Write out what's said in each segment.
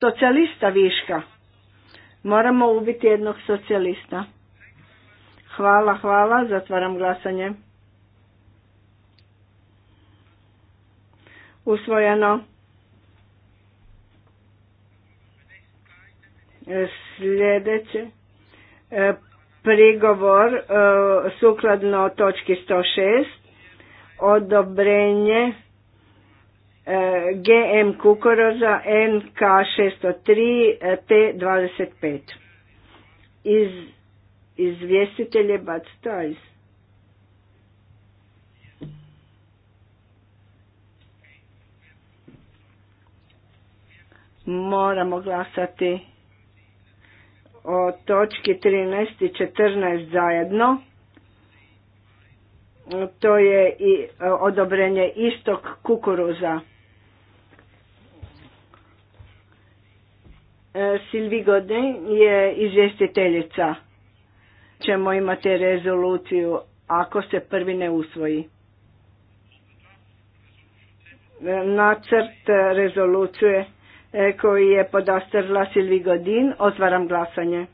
socijalista viška. Moramo ubiti jednog socijalista. Hvala, hvala, zatvaram glasanje. Usvojeno. Sljedeće. E, prigovor e, sukladno točki 106. Odobrenje GM kukuroza NK603 T25. Iz, izvjestitelje Bud Stajs. Moramo glasati o točki 13 i 14 zajedno. To je i e, odobrenje istog kukuruza. E, Silvi Godin je izvjestiteljica. Čemo imati rezoluciju ako se prvi ne usvoji. E, nacrt rezolucije e, koji je podastrla Silvi Godin. Otvaram glasanje.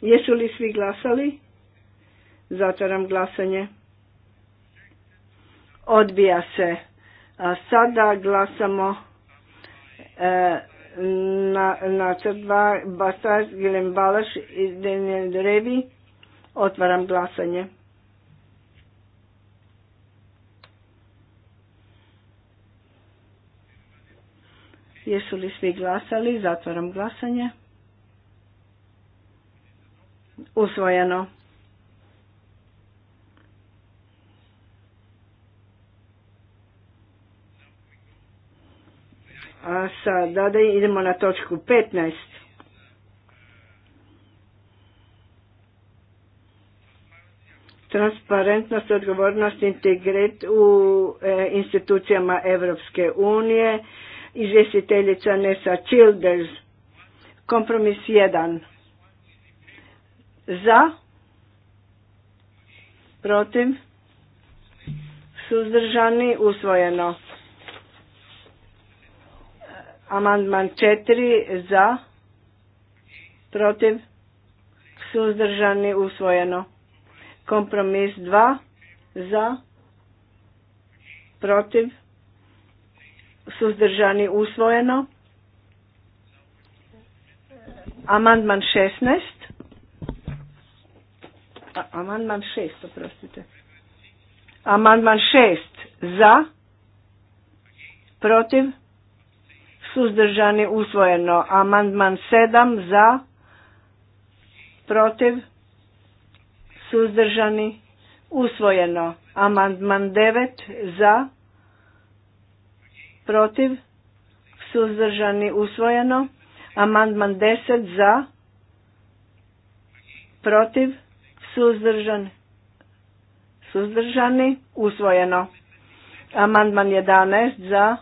Jesu li svi glasali? Zatvaram glasanje odbija se. A sada glasamo e, na, na crtva Basaj Gilem Balaš i Daniel Revi. Otvaram glasanje. Jesu li svi glasali? Zatvaram glasanje. Usvojeno. A sada da idemo na točku 15. Transparentnost, odgovornost, integrit u e, institucijama Evropske unije. Izvjestiteljica Nessa Childers. Kompromis 1. Za. Protiv. Suzdržani. Usvojeno. Amandman četiri za, protiv, suzdržani, usvojeno. Kompromis dva za, protiv, suzdržani, usvojeno. Amandman 16. Amandman šest, oprostite. Amandman šest za, protiv, suzdržani usvojeno. Amandman 7 za, protiv, suzdržani usvojeno. Amandman 9 za, protiv, suzdržani usvojeno. Amandman 10 za, protiv, suzdržan, suzdržani usvojeno. Amandman 11 za,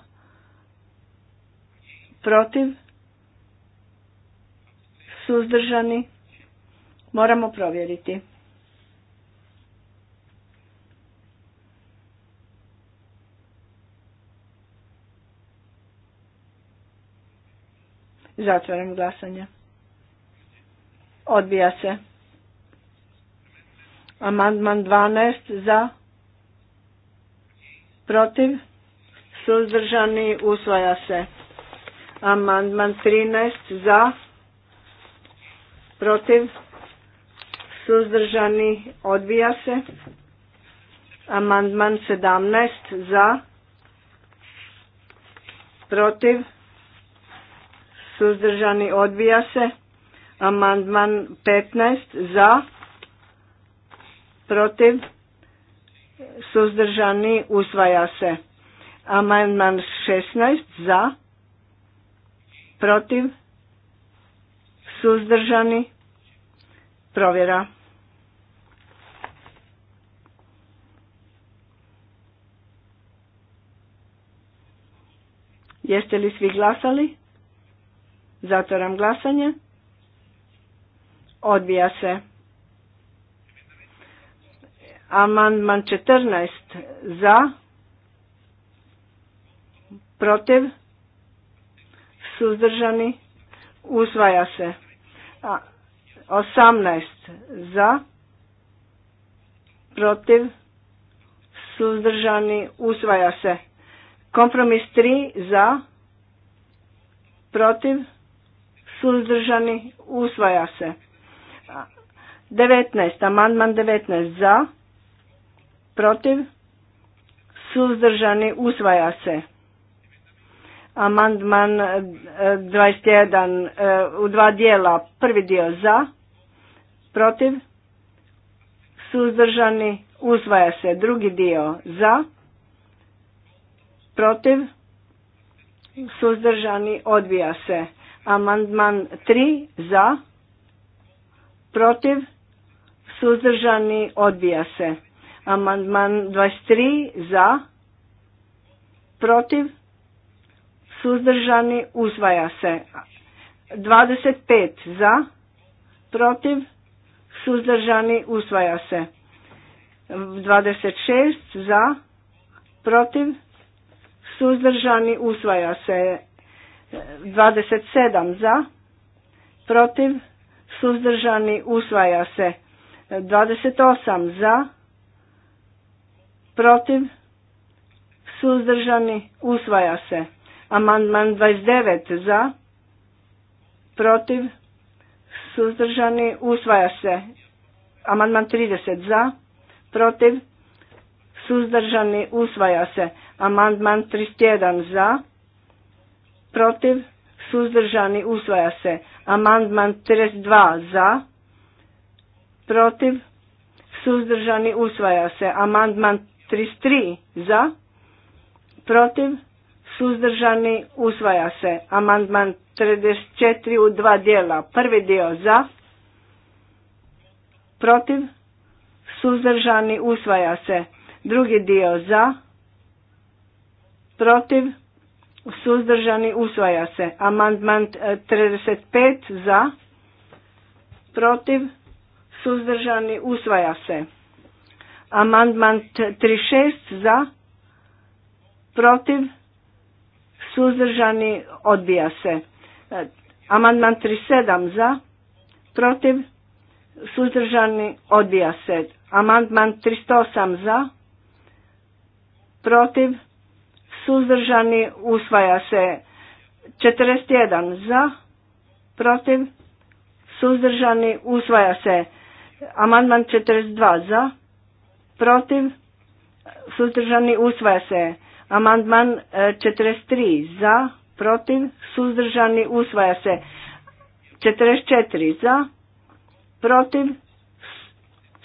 protiv, suzdržani, moramo provjeriti. Zatvaram glasanje. Odbija se. Amandman 12 za, protiv, suzdržani, usvaja se. Amandman 13 za, protiv, suzdržani, odbija se. Amandman 17 za, protiv, suzdržani, odbija se. Amandman 15 za, protiv, suzdržani, usvaja se. Amandman 16 za, protiv, suzdržani, provjera. Jeste li svi glasali? Zatvoram glasanje. Odbija se. Amandman 14 za, protiv, suzdržani, usvaja se. 18 za, protiv, suzdržani, usvaja se. Kompromis 3 za, protiv, suzdržani, usvaja se. 19, amandman 19 za, protiv, suzdržani, usvaja se. Amandman 21 e, e, u dva dijela. Prvi dio za, protiv, suzdržani, uzvaja se. Drugi dio za, protiv, suzdržani, odbija se. Amandman 3 za, protiv, suzdržani, odbija se. Amandman 23 za, protiv, suzdržani, uzvaja se. 25 za, protiv, suzdržani, usvaja se. 26 za, protiv, suzdržani, usvaja se. 27 za, protiv, suzdržani, usvaja se. 28 za, protiv, suzdržani, usvaja se. Amandman 29 za, protiv, suzdržani, usvaja se. Amandman 30 za, protiv, suzdržani, usvaja se. Amandman 31 za, protiv, suzdržani, usvaja se. Amandman 32 za, protiv, suzdržani, usvaja se. Amandman 33 za, protiv, suzdržani, usvaja se. Amandman 34 u dva dijela. Prvi dio za, protiv, suzdržani, usvaja se. Drugi dio za, protiv, suzdržani, usvaja se. Amandman 35 za, protiv, suzdržani, usvaja se. Amandman 36 za, protiv, suzdržani, odbija se. E, amandman 37 za, protiv, suzdržani, odbija se. Amandman 308 za, protiv, suzdržani, usvaja se. 41 za, protiv, suzdržani, usvaja se. Amandman 42 za, protiv, suzdržani, usvaja se. Amandman 43 e, za, protiv, suzdržani, usvaja se. 44 e, za, protiv,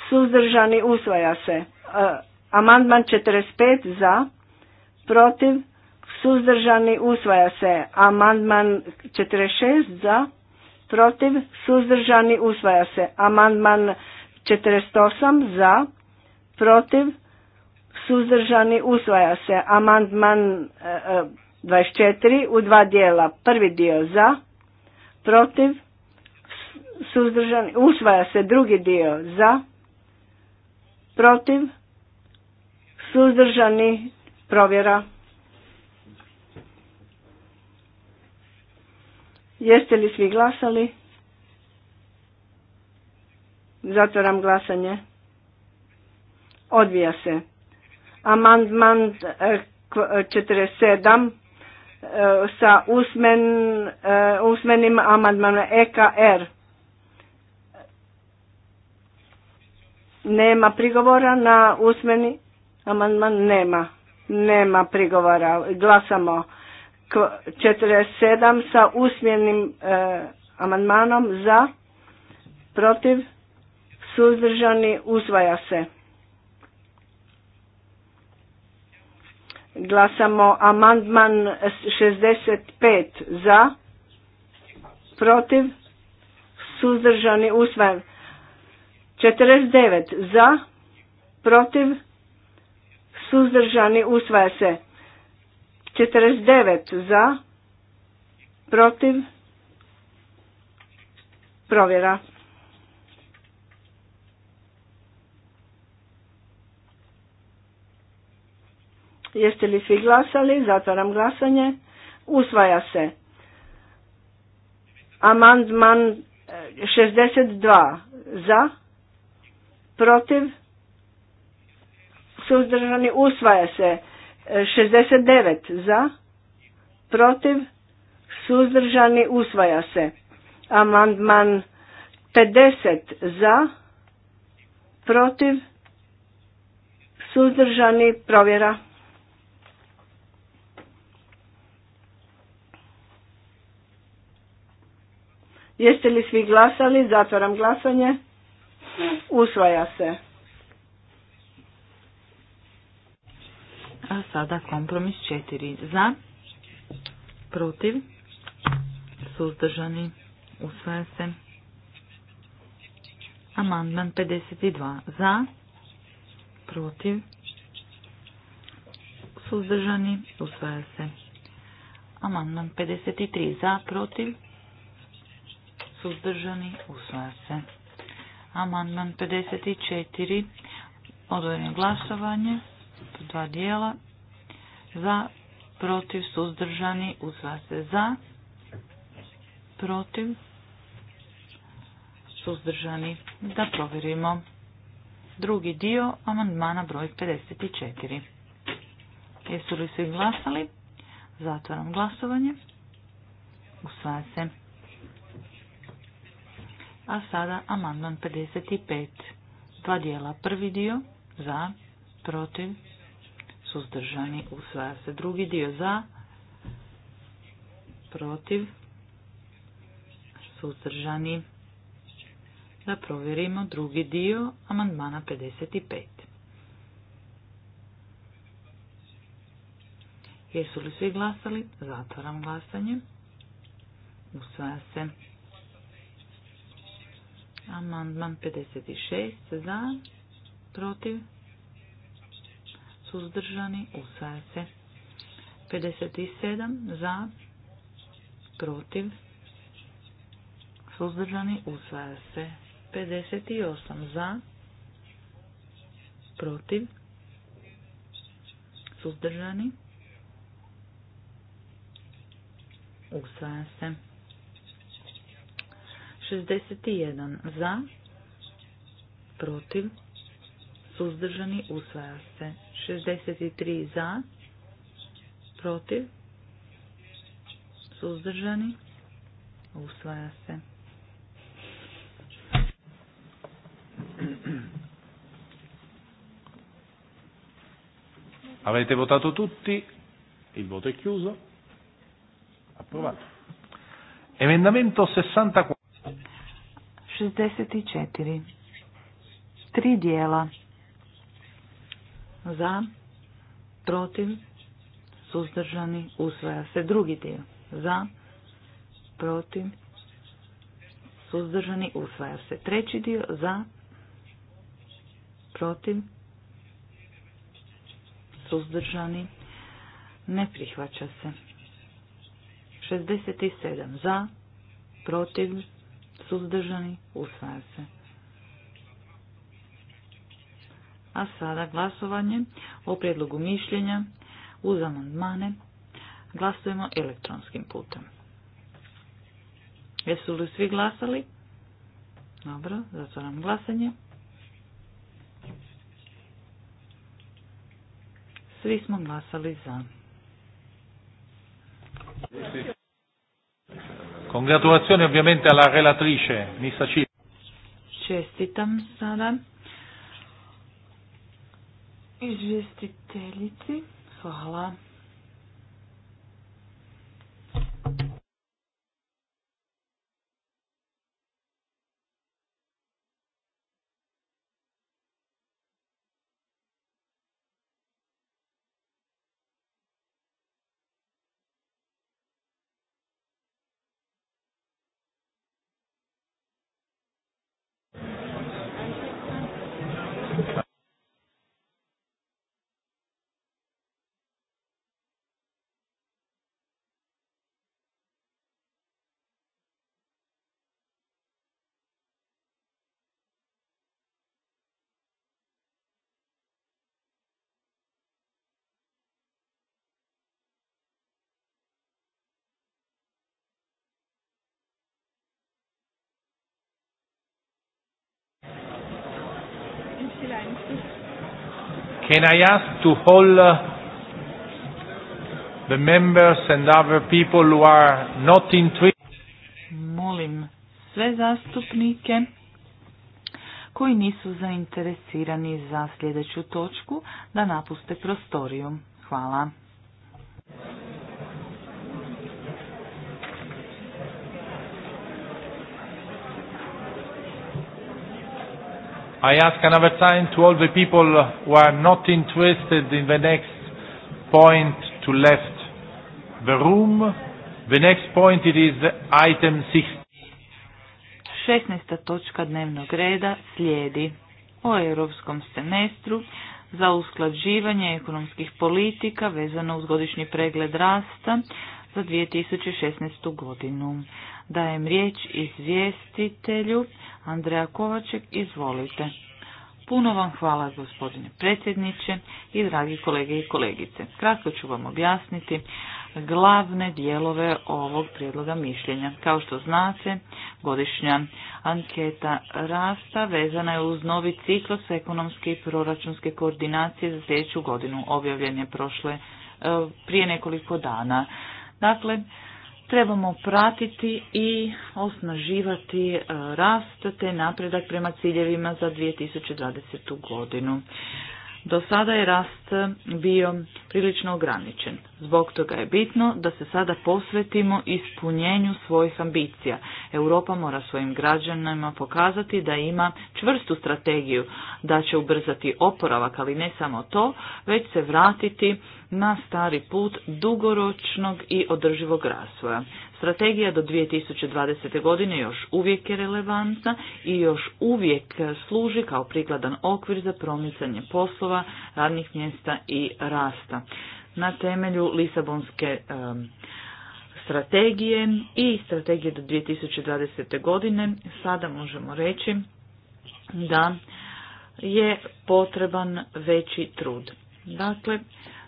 suzdržani, usvaja se. Amandman 45 za, protiv, suzdržani, usvaja se. Amandman 46 za, protiv, suzdržani, usvaja se. Amandman 48 za, protiv, suzdržani usvaja se amandman 24 e, e, u dva dijela. Prvi dio za, protiv, suzdržani, usvaja se drugi dio za, protiv, suzdržani, provjera. Jeste li svi glasali? Zatvoram glasanje. Odvija se. Amandman 47 eh, eh, eh, sa usmen, usmenim amandmanom EKR. Nema prigovora na usmeni amandman? Nema. Nema prigovora. Glasamo 47 sa usmenim amandmanom za, protiv, suzdržani, usvaja se. Glasamo amandman 65 za, protiv, suzdržani usvajan. 49 za, protiv, suzdržani usvaja se. 49 za, protiv, provjera. Jeste li svi glasali? Zatvaram glasanje. Usvaja se. Amandman 62 e, za, protiv, suzdržani, usvaja se. 69 e, za, protiv, suzdržani, usvaja se. Amandman 50 za, protiv, suzdržani, provjera. Jeste li svi glasali? Zatvaram glasanje. Usvaja se. A sada kompromis četiri. Za, protiv, suzdržani, usvaja se. Amandman 52. Za, protiv, suzdržani, usvaja se. Amandman 53. Za, protiv, suzdržani, usvaja se. Amandman 54, odvojeno glasovanje, dva dijela, za, protiv, suzdržani, usvaja se za, protiv, suzdržani, da provjerimo. Drugi dio amandmana broj 54. Jesu li svi glasali? Zatvaram glasovanje. Usvaja se. A sada amandman 55. Dva dijela. Prvi dio za, protiv, suzdržani, usvaja se. Drugi dio za, protiv, suzdržani. Da provjerimo drugi dio amandmana 55. Jesu li svi glasali? Zatvaram glasanje. Usvaja se. Amandman 56 za, protiv, suzdržani, usvaja se. 57 za, protiv, suzdržani, usvaja se. 58 za, protiv, suzdržani, usvaja se. 61 za, protiv, suzdržani, usvaja se. 63 za, protiv, suzdržani, usvaja se. Avete votato tutti? Il voto è chiuso. Approvato. Emendamento 64. 64. Tri dijela. Za, protiv, suzdržani, usvaja se. Drugi dio. Za, protiv, suzdržani, usvaja se. Treći dio. Za, protiv, suzdržani, ne prihvaća se. 67. Za, protiv, suzdržani, usvaja se. A sada glasovanje o prijedlogu mišljenja uz amandmane glasujemo elektronskim putem. Jesu li svi glasali? Dobro, zatvoram glasanje. Svi smo glasali za. Congratulazioni ovviamente alla relatrice, Missa Čip. Čestitam sada izvjestiteljici. Hvala. Can I ask to all uh, the members and other people who are not in Molim sve zastupnike koji nisu zainteresirani za sljedeću točku da napuste prostoriju. Hvala. I ask another time to all the people who are not interested in the next point to left the room. The next point it is item 16. 16. točka dnevnog reda slijedi o europskom semestru za usklađivanje ekonomskih politika vezano uz godišnji pregled rasta za 2016. godinu. Dajem riječ izvjestitelju Andreja Kovaček, izvolite. Puno vam hvala gospodine predsjedniče i dragi kolege i kolegice. Kratko ću vam objasniti glavne dijelove ovog prijedloga mišljenja. Kao što znate, godišnja anketa rasta vezana je uz novi ciklus ekonomske i proračunske koordinacije za sljedeću godinu. Objavljen je prošle e, prije nekoliko dana. Dakle, trebamo pratiti i osnaživati e, rast te napredak prema ciljevima za 2020. godinu. Do sada je rast bio prilično ograničen. Zbog toga je bitno da se sada posvetimo ispunjenju svojih ambicija. Europa mora svojim građanima pokazati da ima čvrstu strategiju, da će ubrzati oporavak, ali ne samo to, već se vratiti na stari put dugoročnog i održivog razvoja. Strategija do 2020. godine još uvijek je relevantna i još uvijek služi kao prikladan okvir za promicanje poslova, radnih mjesta i rasta. Na temelju Lisabonske strategije i strategije do 2020. godine sada možemo reći da je potreban veći trud. Dakle,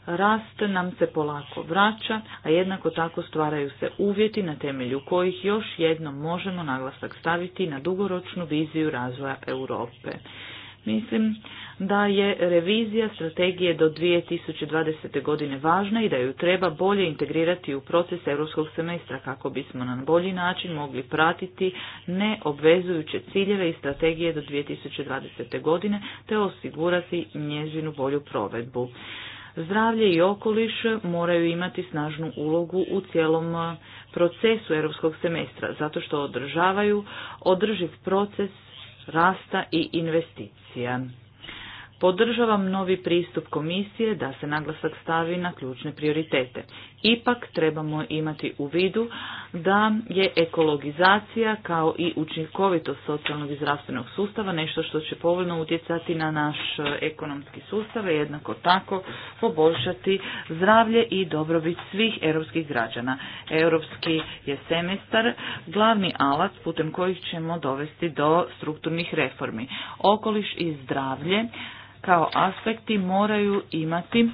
Rast nam se polako vraća, a jednako tako stvaraju se uvjeti na temelju kojih još jednom možemo naglasak staviti na dugoročnu viziju razvoja Europe. Mislim da je revizija strategije do 2020. godine važna i da ju treba bolje integrirati u proces europskog semestra kako bismo na bolji način mogli pratiti neobvezujuće ciljeve i strategije do 2020. godine te osigurati njezinu bolju provedbu. Zdravlje i okoliš moraju imati snažnu ulogu u cijelom e, procesu europskog semestra, zato što održavaju održiv proces rasta i investicija. Podržavam novi pristup komisije da se naglasak stavi na ključne prioritete. Ipak trebamo imati u vidu da je ekologizacija kao i učinkovitost socijalnog i zdravstvenog sustava nešto što će povoljno utjecati na naš e, ekonomski sustav i jednako tako poboljšati zdravlje i dobrobit svih europskih građana. Europski je semestar glavni alat putem kojih ćemo dovesti do strukturnih reformi. Okoliš i zdravlje kao aspekti moraju imati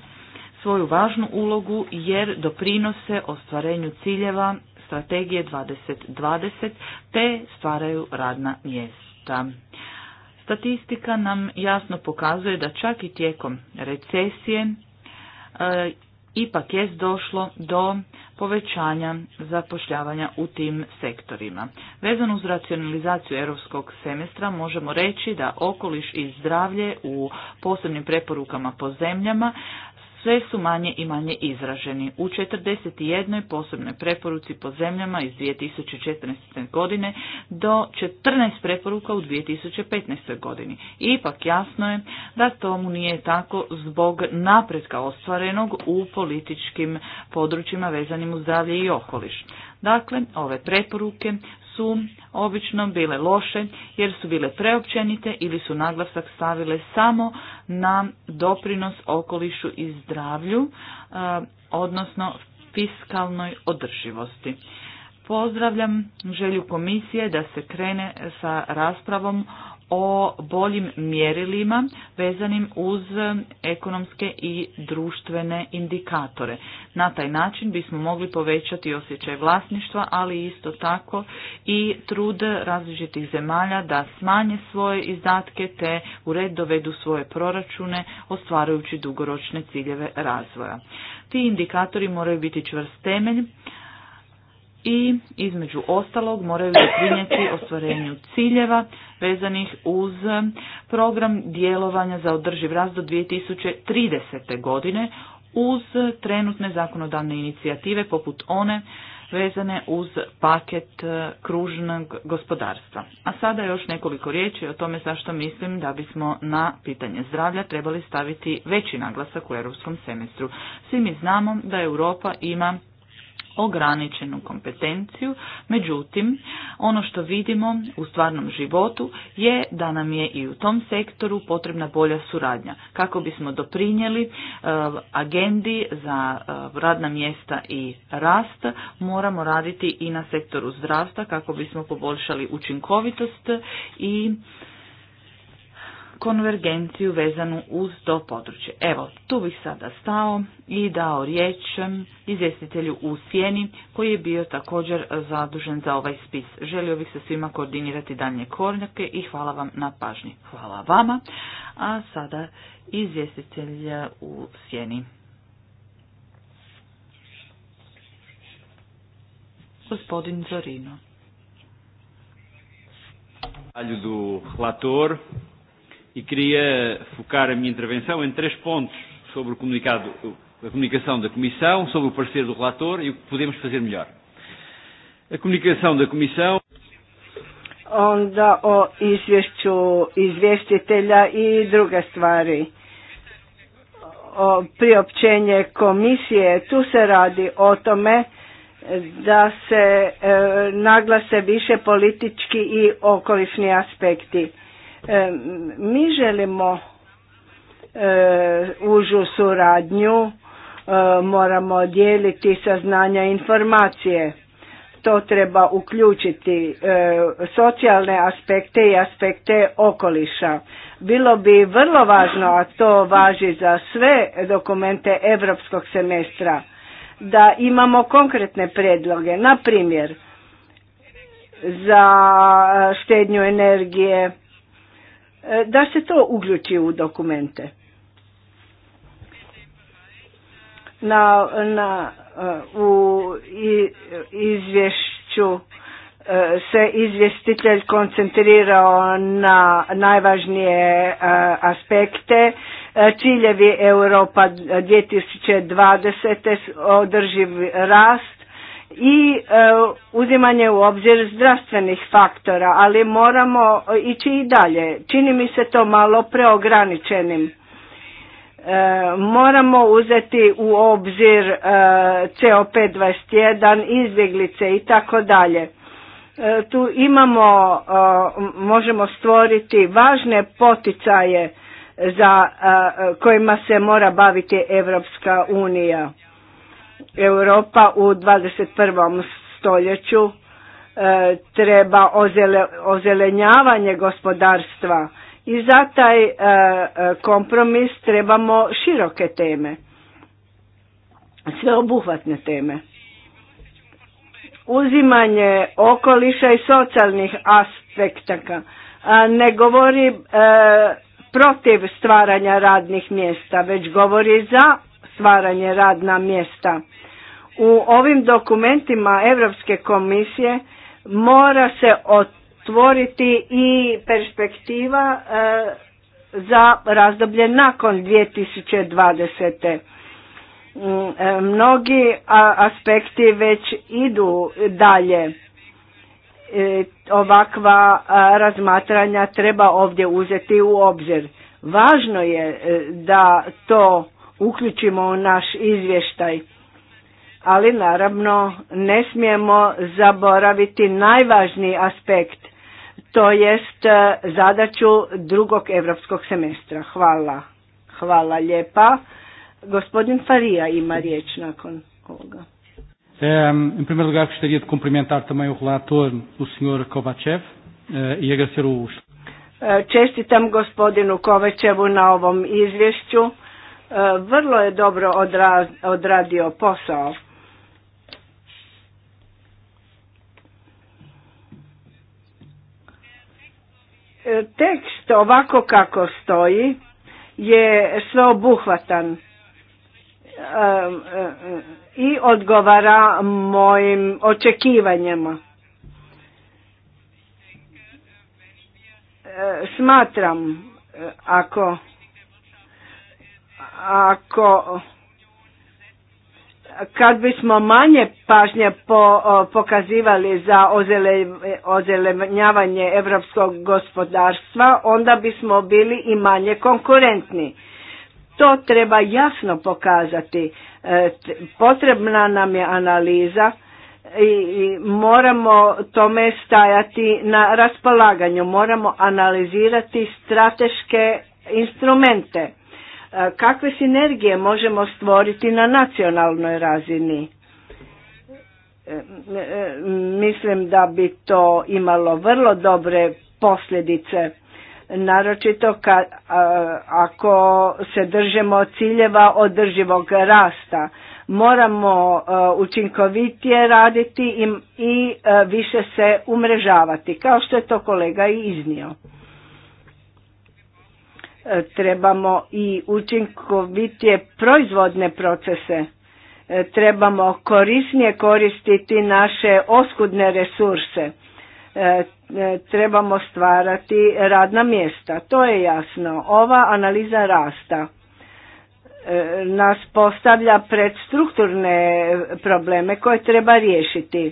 svoju važnu ulogu jer doprinose ostvarenju ciljeva strategije 2020 te stvaraju radna mjesta. Statistika nam jasno pokazuje da čak i tijekom recesije e, ipak je došlo do povećanja zapošljavanja u tim sektorima. Vezano uz racionalizaciju europskog semestra možemo reći da okoliš i zdravlje u posebnim preporukama po zemljama sve su manje i manje izraženi. U 41. posebnoj preporuci po zemljama iz 2014. godine do 14 preporuka u 2015. godini. Ipak jasno je da tomu nije tako zbog napretka ostvarenog u političkim područjima vezanim uz zdravlje i okoliš. Dakle, ove preporuke su obično bile loše jer su bile preopćenite ili su naglasak stavile samo na doprinos okolišu i zdravlju, e, odnosno fiskalnoj održivosti. Pozdravljam želju komisije da se krene sa raspravom o boljim mjerilima vezanim uz ekonomske i društvene indikatore. Na taj način bismo mogli povećati osjećaj vlasništva, ali isto tako i trud različitih zemalja da smanje svoje izdatke te u red dovedu svoje proračune ostvarujući dugoročne ciljeve razvoja. Ti indikatori moraju biti čvrst temelj i između ostalog moraju doprinijeti ostvarenju ciljeva vezanih uz program djelovanja za održiv rast do 2030. godine uz trenutne zakonodavne inicijative poput one vezane uz paket e, kružnog gospodarstva. A sada još nekoliko riječi o tome zašto mislim da bismo na pitanje zdravlja trebali staviti veći naglasak u europskom semestru. Svi mi znamo da Europa ima ograničenu kompetenciju, međutim ono što vidimo u stvarnom životu je da nam je i u tom sektoru potrebna bolja suradnja kako bismo doprinijeli e, agendi za e, radna mjesta i rast moramo raditi i na sektoru zdravstva kako bismo poboljšali učinkovitost i konvergenciju vezanu uz to područje. Evo, tu bih sada stao i dao riječ izvjestitelju u sjeni koji je bio također zadužen za ovaj spis. Želio bih se svima koordinirati daljnje kornjake i hvala vam na pažnji. Hvala vama. A sada izvjestitelj u sjeni. Gospodin Zorino. do hlator e queria focar a minha intervenção em três pontos sobre o comunicado, a comunicação da Comissão, sobre o parecer do relator e o que podemos fazer melhor. A comunicação da Comissão onda o izvješću izvjestitelja i druge stvari. O priopćenje komisije, tu se radi o tome da se e, naglase više politički i okolišni aspekti E, mi želimo e, užu suradnju, e, moramo dijeliti saznanja informacije. To treba uključiti socijalne aspekte i aspekte okoliša. Bilo bi vrlo važno, a to važi za sve dokumente europskog semestra, da imamo konkretne predloge. Na primjer, za štednju energije, E, da se to uključi u dokumente. Na, na, e, u izvješću e, se izvjestitelj koncentrirao na najvažnije aspekte. Ciljevi Europa 2020. održiv rast, i e, uzimanje u obzir zdravstvenih faktora, ali moramo ići i dalje. Čini mi se to malo preograničenim. E, moramo uzeti u obzir e, COP21, izbjeglice i tako dalje. Tu imamo, možemo stvoriti važne poticaje za kojima se mora baviti Evropska unija Europa u 21. stoljeću e, treba ozelenjavanje gospodarstva i za taj e, e, kompromis trebamo široke teme, sveobuhvatne teme. Uzimanje okoliša i socijalnih aspektaka ne govori protiv stvaranja radnih mjesta, već govori za stvaranje radna mjesta. U ovim dokumentima Europske komisije mora se otvoriti i perspektiva e, za razdoblje nakon 2020. Mm, e, mnogi aspekti već idu dalje. E, ovakva razmatranja treba ovdje uzeti u obzir. Važno je da to uključimo u naš izvještaj. Ali naravno ne smijemo zaboraviti najvažniji aspekt, to jest e, zadaću drugog europskog semestra. Hvala. Hvala lijepa. Gospodin Farija ima riječ nakon ovoga. E, em lugar, também o relator, o e, Čestitam gospodinu Kovačevu na ovom izvješću vrlo je dobro odradio posao. E, tekst ovako kako stoji je sveobuhvatan e, e, i odgovara mojim očekivanjima. Smatram ako ako kad bismo manje pažnje pokazivali za ozele, ozelenjavanje europskog gospodarstva, onda bismo bili i manje konkurentni. To treba jasno pokazati. E, potrebna nam je analiza i moramo tome stajati na raspolaganju. Moramo analizirati strateške instrumente E, kakve sinergije možemo stvoriti na nacionalnoj razini. E, e, mislim da bi to imalo vrlo dobre posljedice, naročito ako se držemo ciljeva održivog rasta. Moramo učinkovitije raditi i više se umrežavati, kao što je to kolega i iznio. E, trebamo i učinkovitije proizvodne procese, e, trebamo korisnije koristiti naše oskudne resurse, e, trebamo stvarati radna mjesta, to je jasno. Ova analiza rasta nas postavlja pred strukturne probleme koje treba riješiti.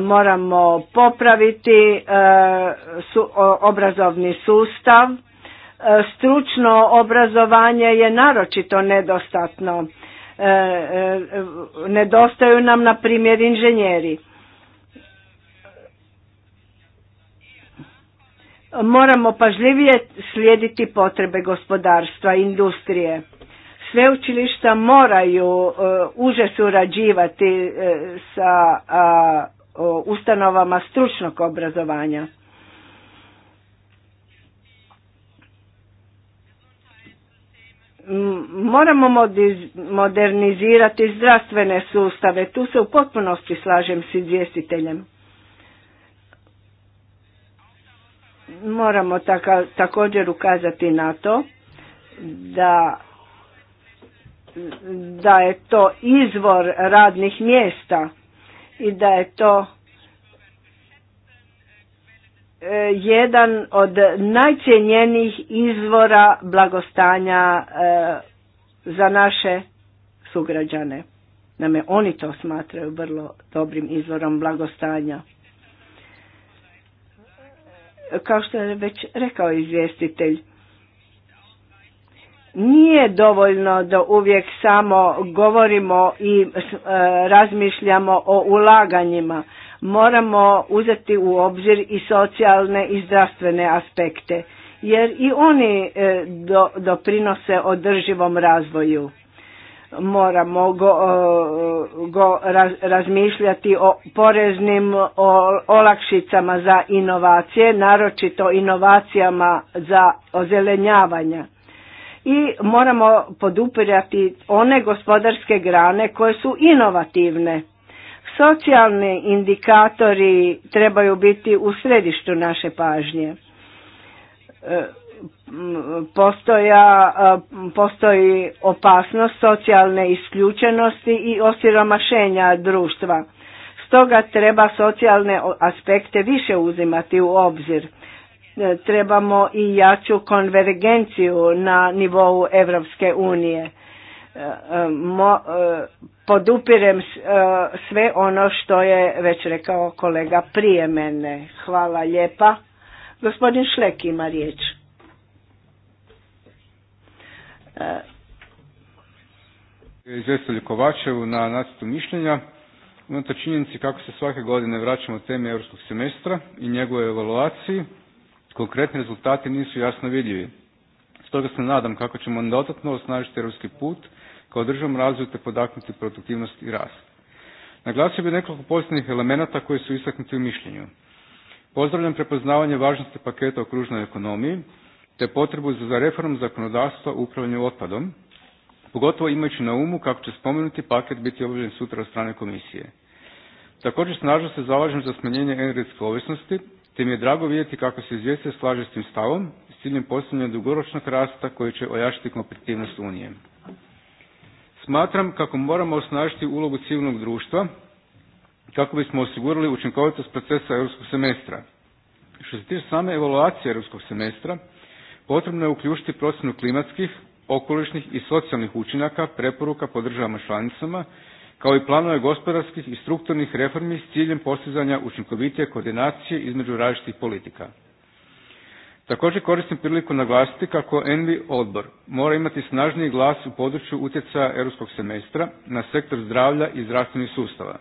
Moramo popraviti obrazovni sustav, stručno obrazovanje je naročito nedostatno. E, e, nedostaju nam na primjer inženjeri. Moramo pažljivije slijediti potrebe gospodarstva, industrije. Sve učilišta moraju e, uže surađivati sa ustanovama stručnog obrazovanja. Moramo modernizirati zdravstvene sustave, tu se u potpunosti slažem s izvjestiteljem. Moramo također ukazati na to da, da je to izvor radnih mjesta i da je to jedan od najcjenjenijih izvora blagostanja e, za naše sugrađane. Naime, oni to smatraju vrlo dobrim izvorom blagostanja. Kao što je već rekao izvjestitelj, nije dovoljno da uvijek samo govorimo i e, razmišljamo o ulaganjima moramo uzeti u obzir i socijalne i zdravstvene aspekte jer i oni e, doprinose održivom razvoju moramo go, razmišljati o poreznim olakšicama za inovacije naročito inovacijama za ozelenjavanja i moramo podupirati one gospodarske grane koje su inovativne Socijalni indikatori trebaju biti u središtu naše pažnje. E, postoja, e, postoji opasnost socijalne isključenosti i osiromašenja društva. Stoga treba socijalne aspekte više uzimati u obzir. E, trebamo i jaču konvergenciju na nivou Evropske unije podupirem e, sve ono što je već rekao kolega prije mene. Hvala lijepa. Gospodin Šlek ima riječ. E, Izvjestelju Kovačevu na nacrtu mišljenja. Unatoč činjenici kako se svake godine vraćamo temi europskog semestra i njegove evaluaciji, konkretni rezultati nisu jasno vidljivi. Stoga se nadam kako ćemo dodatno osnažiti europski put kao državnom razvoju te podaknuti produktivnost i rast. Naglasio bih nekoliko pozitivnih elemenata koji su istaknuti u mišljenju. Pozdravljam prepoznavanje važnosti paketa o kružnoj ekonomiji te potrebu za reformom zakonodavstva u upravljanju otpadom, pogotovo imajući na umu kako će spomenuti paket biti obavljen sutra od strane komisije. Također snažno se zalažem za smanjenje energetske ovisnosti, te mi je drago vidjeti kako se izvješće slaže s tim stavom s ciljem postavljanja dugoročnog rasta koji će ojačati kompetitivnost Unije. Smatram kako moramo osnažiti ulogu civilnog društva kako bismo osigurali učinkovitost procesa europskog semestra. Što se tiče same evaluacije europskog semestra, potrebno je uključiti procjenu klimatskih, okolišnih i socijalnih učinaka preporuka po državama članicama, kao i planove gospodarskih i strukturnih reformi s ciljem postizanja učinkovitije koordinacije između različitih politika. Također koristim priliku naglasiti kako Envi odbor mora imati snažniji glas u području utjecaja europskog semestra na sektor zdravlja i zdravstvenih sustava.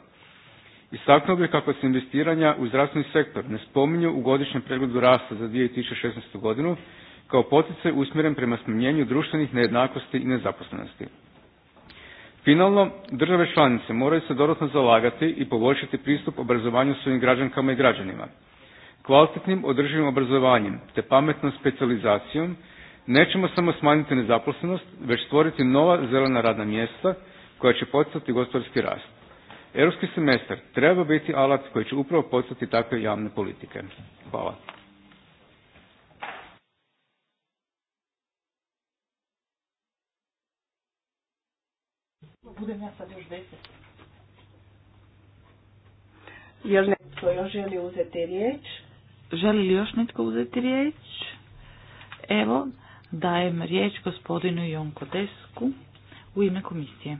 Istaknuo bih kako se investiranja u zdravstveni sektor ne spominju u godišnjem pregledu rasta za 2016. godinu kao poticaj usmjeren prema smanjenju društvenih nejednakosti i nezaposlenosti. Finalno, države članice moraju se dodatno zalagati i poboljšati pristup obrazovanju svojim građankama i građanima Kvalitetnim održivim obrazovanjem te pametnom specijalizacijom nećemo samo smanjiti nezaposlenost, već stvoriti nova zelena radna mjesta koja će poticati gospodarski rast. Europski semestar treba biti alat koji će upravo poticati takve javne politike. Hvala. Budem ja sad još još želi uzeti riječ? Želi li još netko uzeti riječ? Evo, dajem riječ gospodinu Jonko Desku u ime komisije.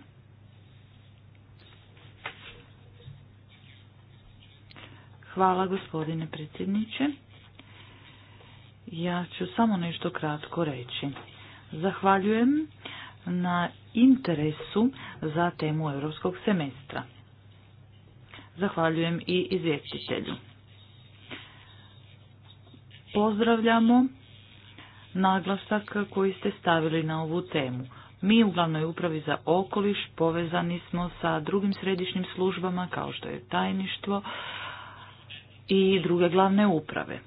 Hvala gospodine predsjedniče. Ja ću samo nešto kratko reći. Zahvaljujem na interesu za temu europskog semestra. Zahvaljujem i izvjestitelju. Pozdravljamo naglasak koji ste stavili na ovu temu. Mi u glavnoj upravi za okoliš povezani smo sa drugim središnjim službama kao što je tajništvo i druge glavne uprave.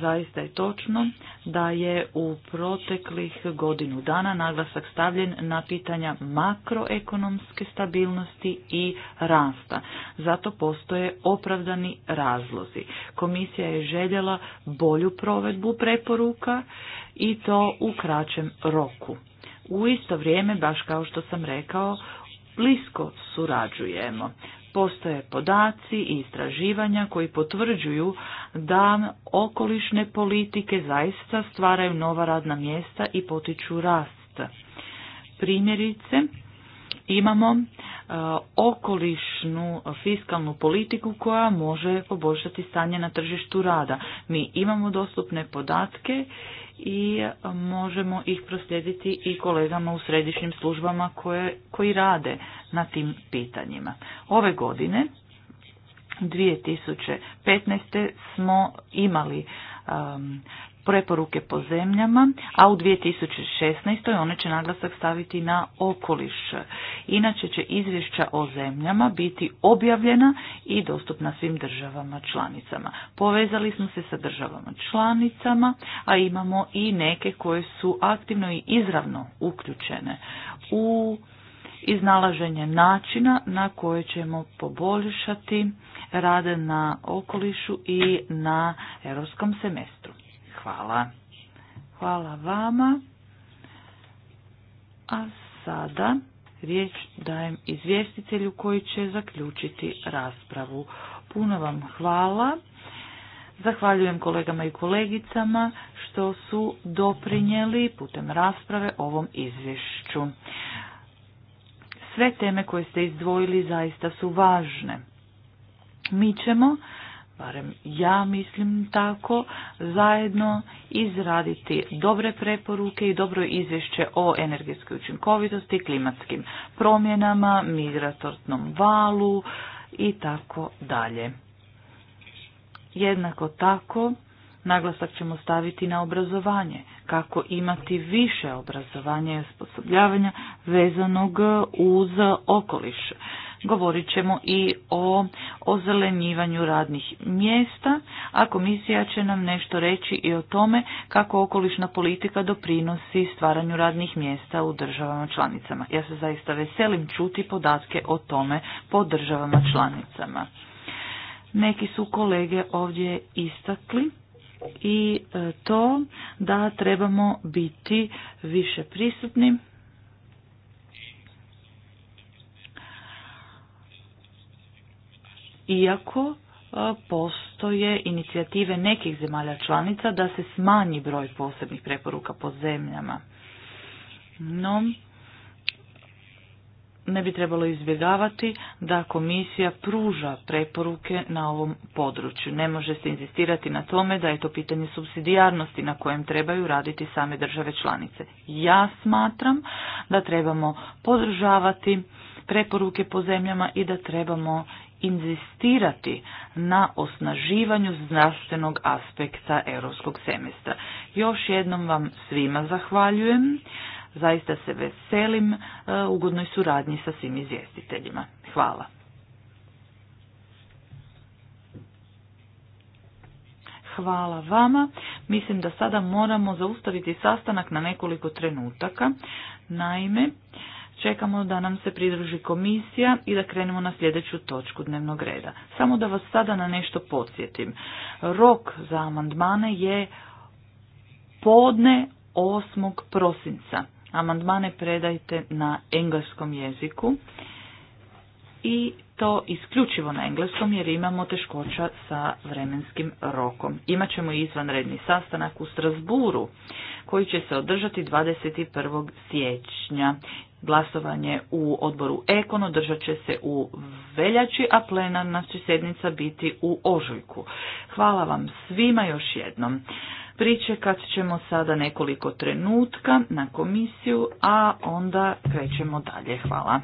Zaista je točno da je u proteklih godinu dana naglasak stavljen na pitanja makroekonomske stabilnosti i rasta. Zato postoje opravdani razlozi. Komisija je željela bolju provedbu preporuka i to u kraćem roku. U isto vrijeme, baš kao što sam rekao, blisko surađujemo. Postoje podaci i istraživanja koji potvrđuju da okolišne politike zaista stvaraju nova radna mjesta i potiču rast. Primjerice, imamo e, okolišnu fiskalnu politiku koja može poboljšati stanje na tržištu rada. Mi imamo dostupne podatke i možemo ih proslijediti i kolegama u središnjim službama koje, koji rade na tim pitanjima. Ove godine 2015. smo imali um, preporuke po zemljama, a u 2016. one će naglasak staviti na okoliš. Inače će izvješća o zemljama biti objavljena i dostupna svim državama članicama. Povezali smo se sa državama članicama, a imamo i neke koje su aktivno i izravno uključene u iznalaženje načina na koje ćemo poboljšati rade na okolišu i na europskom semestru. Hvala. Hvala vama. A sada riječ dajem izvjestitelju koji će zaključiti raspravu. Puno vam hvala. Zahvaljujem kolegama i kolegicama što su doprinjeli putem rasprave ovom izvješću. Sve teme koje ste izdvojili zaista su važne. Mi ćemo barem ja mislim tako, zajedno izraditi dobre preporuke i dobro izvješće o energetskoj učinkovitosti, klimatskim promjenama, migratornom valu i tako dalje. Jednako tako, naglasak ćemo staviti na obrazovanje, kako imati više obrazovanja i osposobljavanja vezanog uz okoliš govorit ćemo i o ozelenjivanju radnih mjesta, a komisija će nam nešto reći i o tome kako okolišna politika doprinosi stvaranju radnih mjesta u državama članicama. Ja se zaista veselim čuti podatke o tome po državama članicama. Neki su kolege ovdje istakli i e, to da trebamo biti više prisutni iako e, postoje inicijative nekih zemalja članica da se smanji broj posebnih preporuka po zemljama. No, ne bi trebalo izbjegavati da komisija pruža preporuke na ovom području. Ne može se inzistirati na tome da je to pitanje subsidijarnosti na kojem trebaju raditi same države članice. Ja smatram da trebamo podržavati preporuke po zemljama i da trebamo inzistirati na osnaživanju zdravstvenog aspekta europskog semestra. Još jednom vam svima zahvaljujem. Zaista se veselim e, ugodnoj suradnji sa svim izvjestiteljima. Hvala. Hvala vama. Mislim da sada moramo zaustaviti sastanak na nekoliko trenutaka. Naime, čekamo da nam se pridruži komisija i da krenemo na sljedeću točku dnevnog reda. Samo da vas sada na nešto podsjetim. Rok za amandmane je podne 8. prosinca. Amandmane predajte na engleskom jeziku i to isključivo na engleskom jer imamo teškoća sa vremenskim rokom. Imaćemo izvanredni sastanak u Strasburu koji će se održati 21. siječnja. Glasovanje u odboru Ekon održat će se u veljači, a plenarna će sjednica biti u ožujku. Hvala vam svima još jednom. Pričekat ćemo sada nekoliko trenutka na komisiju, a onda krećemo dalje. Hvala.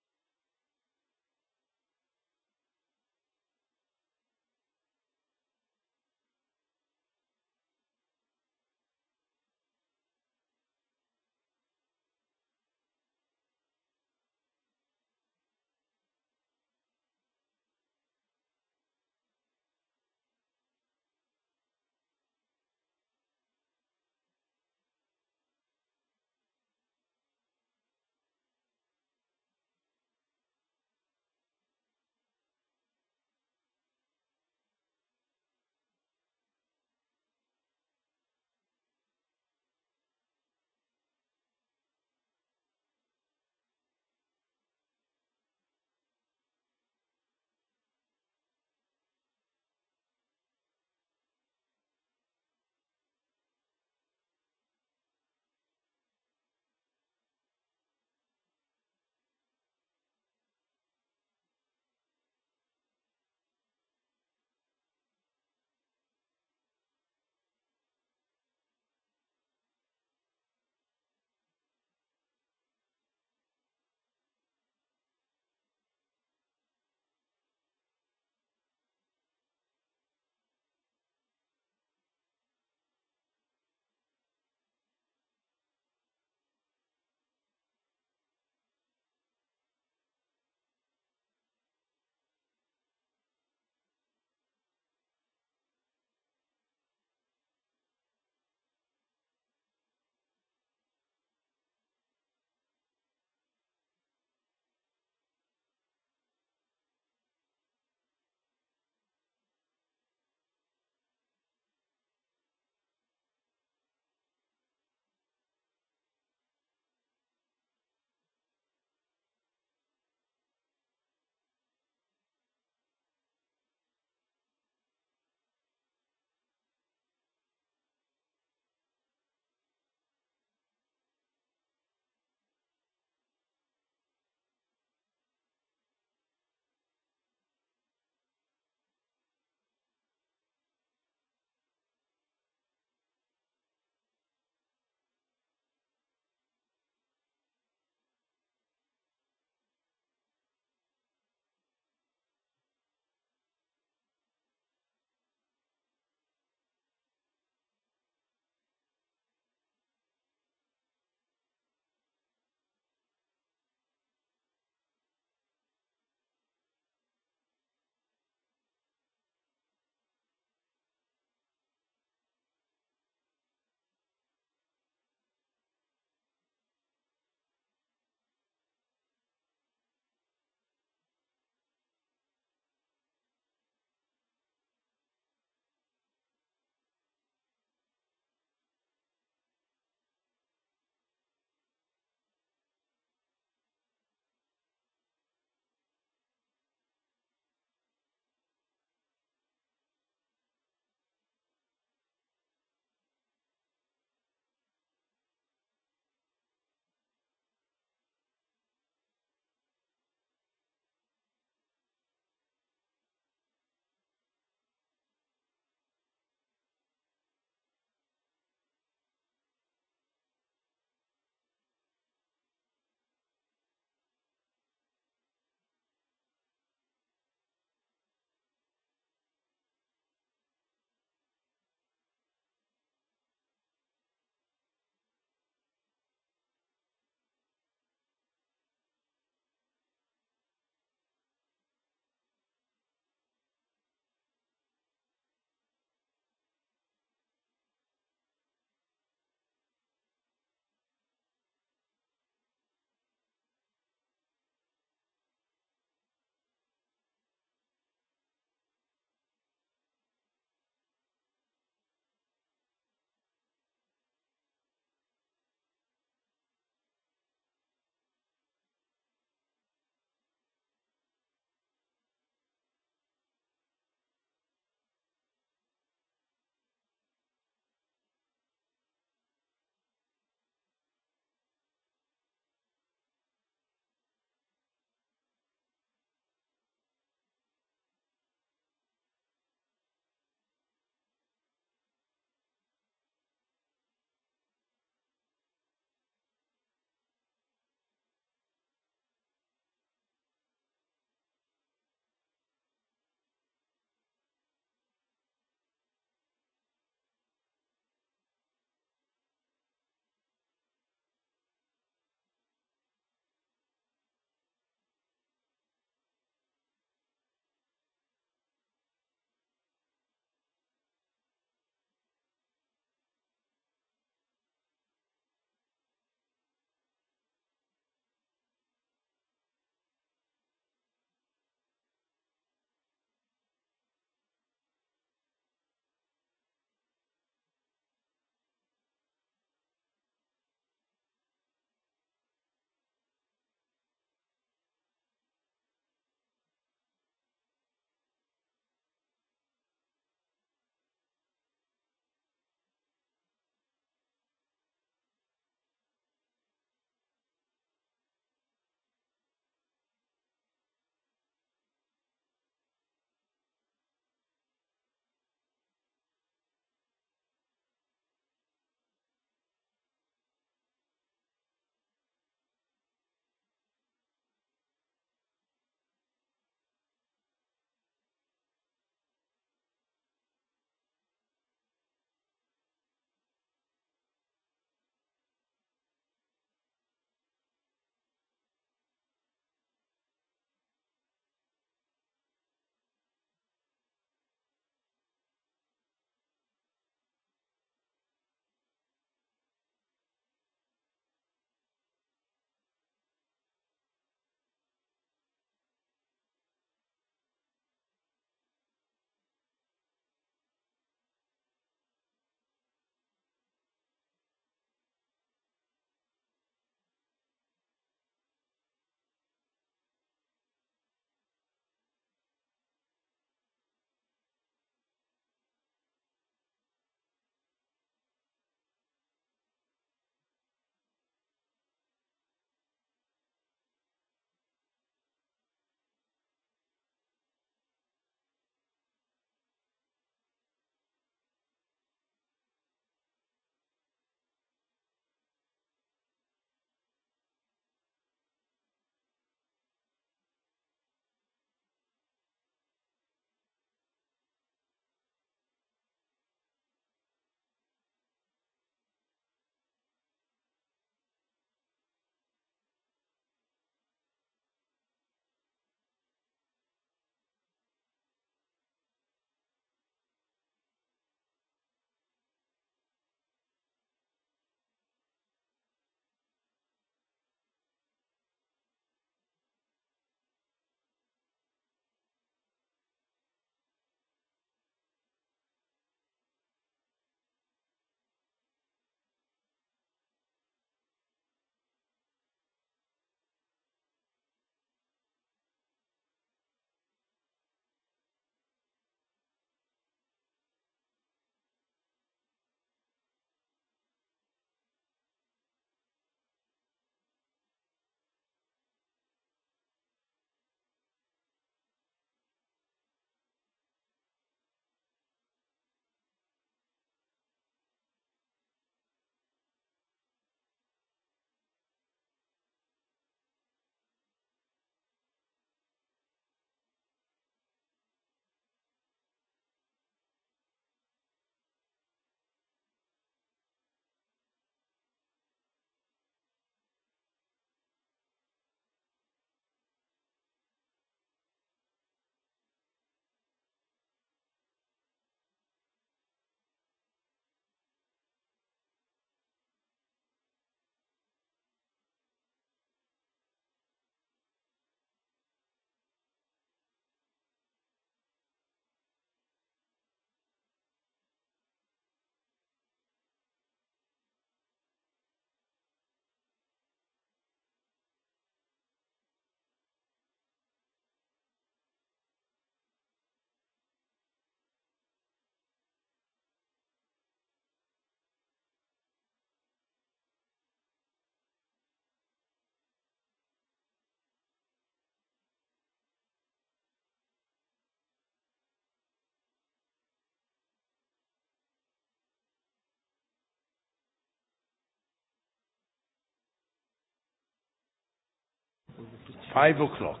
five o'clock.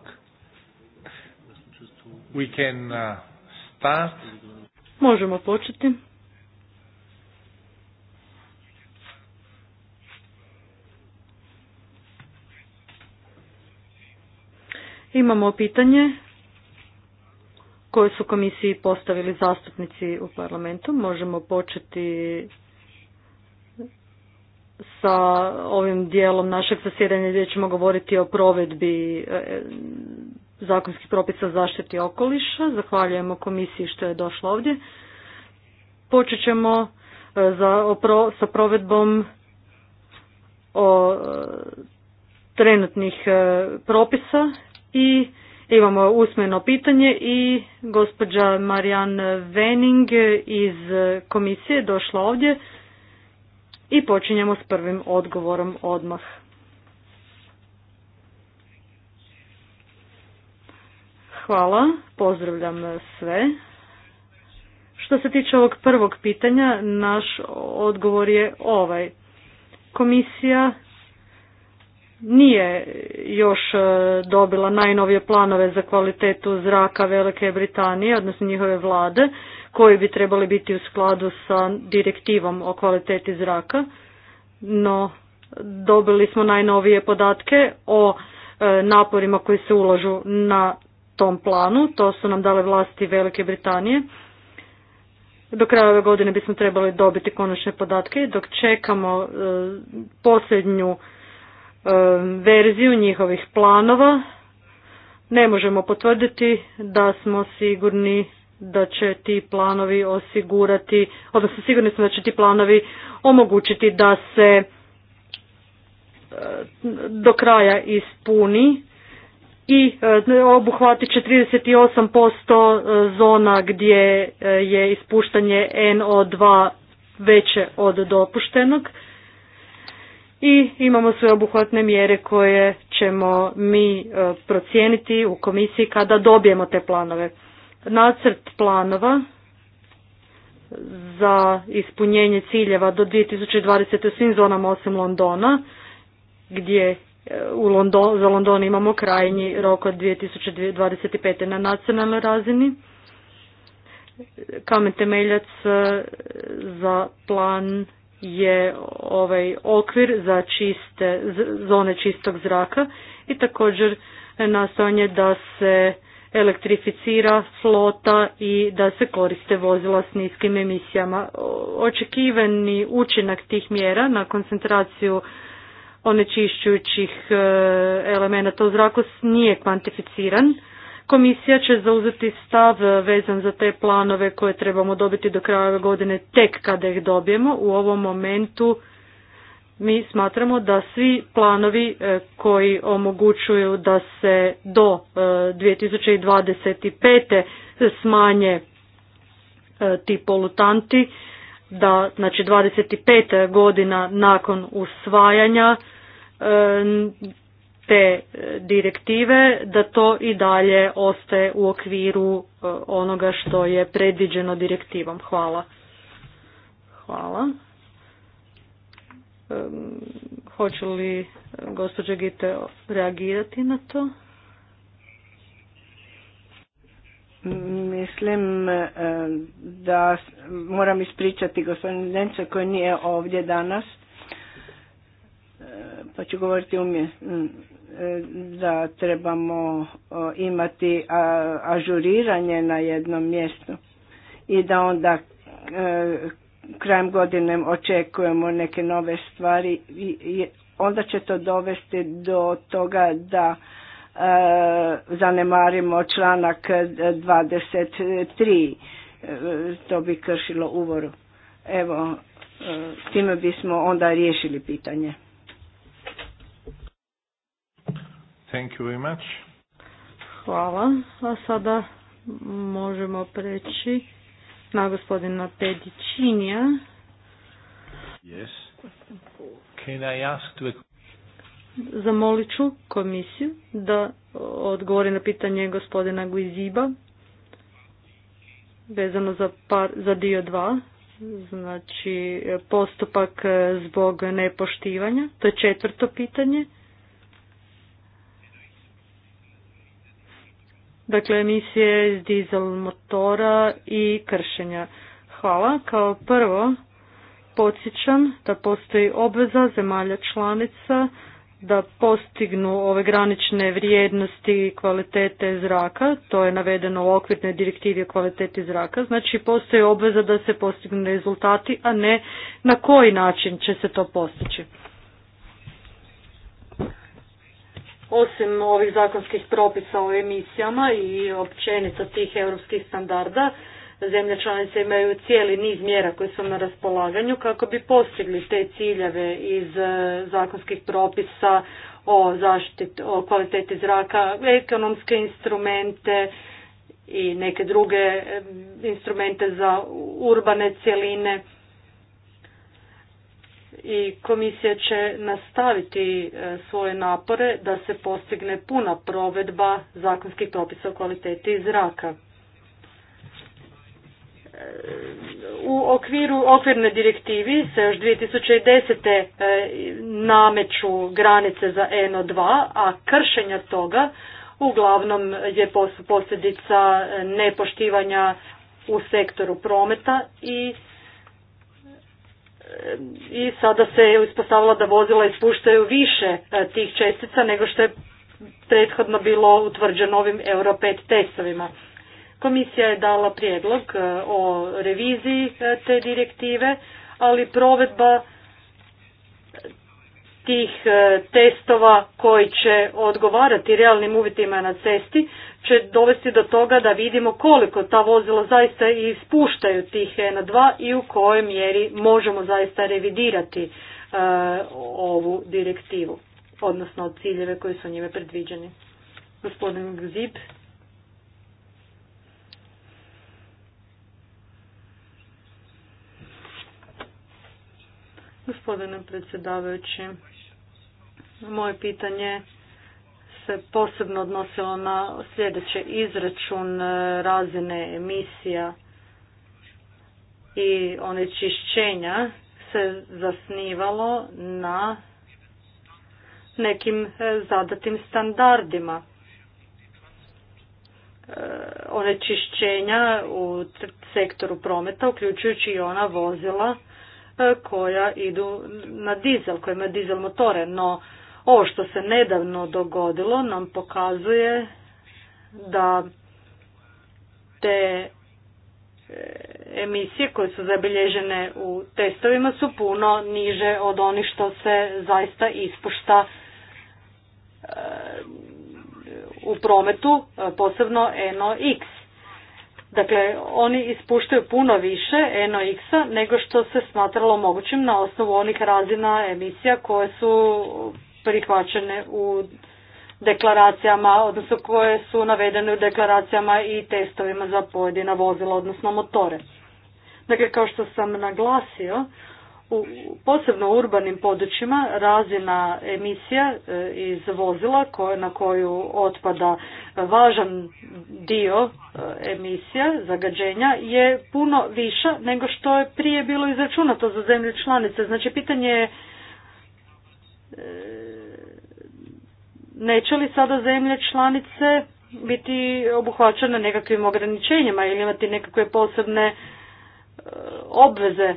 We can uh, start. Možemo početi. Imamo pitanje koje su komisiji postavili zastupnici u parlamentu. Možemo početi sa ovim dijelom našeg zasjedanja gdje ćemo govoriti o provedbi e, zakonskih propisa zaštiti okoliša. Zahvaljujemo komisiji što je došla ovdje. Počet ćemo e, za, sa provedbom o e, trenutnih propisa i imamo usmeno pitanje i gospođa Marijan Vening iz komisije došla ovdje i počinjemo s prvim odgovorom odmah. Hvala, pozdravljam sve. Što se tiče ovog prvog pitanja, naš odgovor je ovaj. Komisija nije još e, dobila najnovije planove za kvalitetu zraka Velike Britanije, odnosno njihove vlade, koji bi trebali biti u skladu sa direktivom o kvaliteti zraka, no dobili smo najnovije podatke o e, naporima koji se ulažu na tom planu, to su nam dale vlasti Velike Britanije. Do kraja ove godine bismo trebali dobiti konačne podatke dok čekamo e, posljednju e, verziju njihovih planova. Ne možemo potvrditi da smo sigurni da će ti planovi osigurati, odnosno sigurni smo da će ti planovi omogućiti da se e, do kraja ispuni i e, obuhvatit će 38% e, zona gdje je ispuštanje NO2 veće od dopuštenog i imamo sve obuhvatne mjere koje ćemo mi procijeniti u komisiji kada dobijemo te planove nacrt planova za ispunjenje ciljeva do 2020. u svim zonama osim Londona, gdje e, u London, za London imamo krajnji rok od 2025. na nacionalnoj razini. Kamen temeljac e, za plan je ovaj okvir za čiste zone čistog zraka i također e, nastojanje da se elektrificira flota i da se koriste vozila s niskim emisijama. Očekivani učinak tih mjera na koncentraciju onečišćujućih e, elemenata u zraku nije kvantificiran. Komisija će zauzeti stav vezan za te planove koje trebamo dobiti do kraja ove godine tek kada ih dobijemo. U ovom momentu mi smatramo da svi planovi e, koji omogućuju da se do 2025. E, smanje e, ti polutanti, da znači 25 godina nakon usvajanja te direktive, da to i dalje ostaje u okviru onoga što je predviđeno direktivom. Hvala. Hvala. Hoće li gospođa Gite reagirati na to? Mislim da moram ispričati gospodin Denca koji nije ovdje danas, pa ću govoriti umjesto da trebamo imati ažuriranje na jednom mjestu i da onda krajem godine očekujemo neke nove stvari i onda će to dovesti do toga da e, zanemarimo članak 23. E, to bi kršilo uvoru. Evo, s e, time bismo onda riješili pitanje. Thank you very much. Hvala. A sada možemo preći na gospodina Pedičinija. Yes. ask Zamolit ću komisiju da odgovori na pitanje gospodina Guiziba vezano za, par, za dio 2, znači postupak zbog nepoštivanja. To je četvrto pitanje. dakle emisije iz dizel motora i kršenja. Hvala. Kao prvo podsjećam da postoji obveza zemalja članica da postignu ove granične vrijednosti kvalitete zraka, to je navedeno u okvirnoj direktivi o kvaliteti zraka, znači postoji obveza da se postignu rezultati, a ne na koji način će se to postići. Osim ovih zakonskih propisa o emisijama i općenito tih europskih standarda, zemlje članice imaju cijeli niz mjera koje su na raspolaganju kako bi postigli te ciljeve iz e, zakonskih propisa o zaštiti, o kvaliteti zraka, ekonomske instrumente i neke druge instrumente za urbane cjeline i komisija će nastaviti e, svoje napore da se postigne puna provedba zakonskih propisa o kvaliteti zraka. E, u okviru okvirne direktivi se još 2010. E, nameću granice za NO2, a kršenja toga uglavnom je posljedica nepoštivanja u sektoru prometa i i sada se je ispostavilo da vozila ispuštaju više e, tih čestica nego što je prethodno bilo utvrđeno ovim Euro 5 testovima. Komisija je dala prijedlog e, o reviziji e, te direktive, ali provedba tih testova koji će odgovarati realnim uvjetima na cesti će dovesti do toga da vidimo koliko ta vozila zaista ispuštaju tih n 2 i u kojoj mjeri možemo zaista revidirati e, ovu direktivu, odnosno ciljeve koji su njime predviđeni. Gospodin Zip. Gospodine predsjedavajući, moje pitanje se posebno odnosilo na sljedeće izračun e, razine emisija i onečišćenja se zasnivalo na nekim e, zadatim standardima e, onečišćenja u sektoru prometa, uključujući i ona vozila koja idu na dizel, koja ima dizel motore, no ovo što se nedavno dogodilo nam pokazuje da te e, emisije koje su zabilježene u testovima su puno niže od onih što se zaista ispušta e, u prometu, e, posebno NOx. Dakle, oni ispuštaju puno više NOx-a nego što se smatralo mogućim na osnovu onih razina emisija koje su prihvaćene u deklaracijama, odnosno koje su navedene u deklaracijama i testovima za pojedina vozila, odnosno motore. Dakle, kao što sam naglasio, u posebno urbanim područjima razina emisija e, iz vozila na koju otpada važan dio e, emisija zagađenja je puno viša nego što je prije bilo izračunato za zemlje članice. Znači pitanje je e, neće li sada zemlje članice biti obuhvaćene nekakvim ograničenjima ili imati nekakve posebne e, obveze e,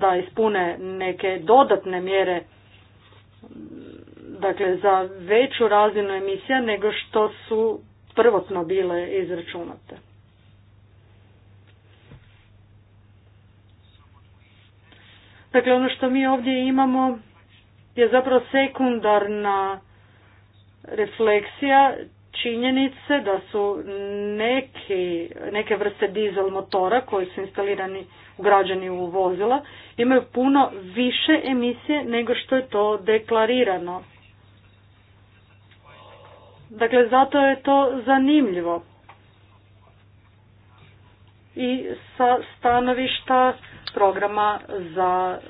da ispune neke dodatne mjere dakle za veću razinu emisija nego što su prvotno bile izračunate. Dakle, ono što mi ovdje imamo je zapravo sekundarna refleksija činjenice da su neki, neke vrste dizel motora koji su instalirani, ugrađeni u vozila, imaju puno više emisije nego što je to deklarirano. Dakle, zato je to zanimljivo. I sa stanovišta programa za e,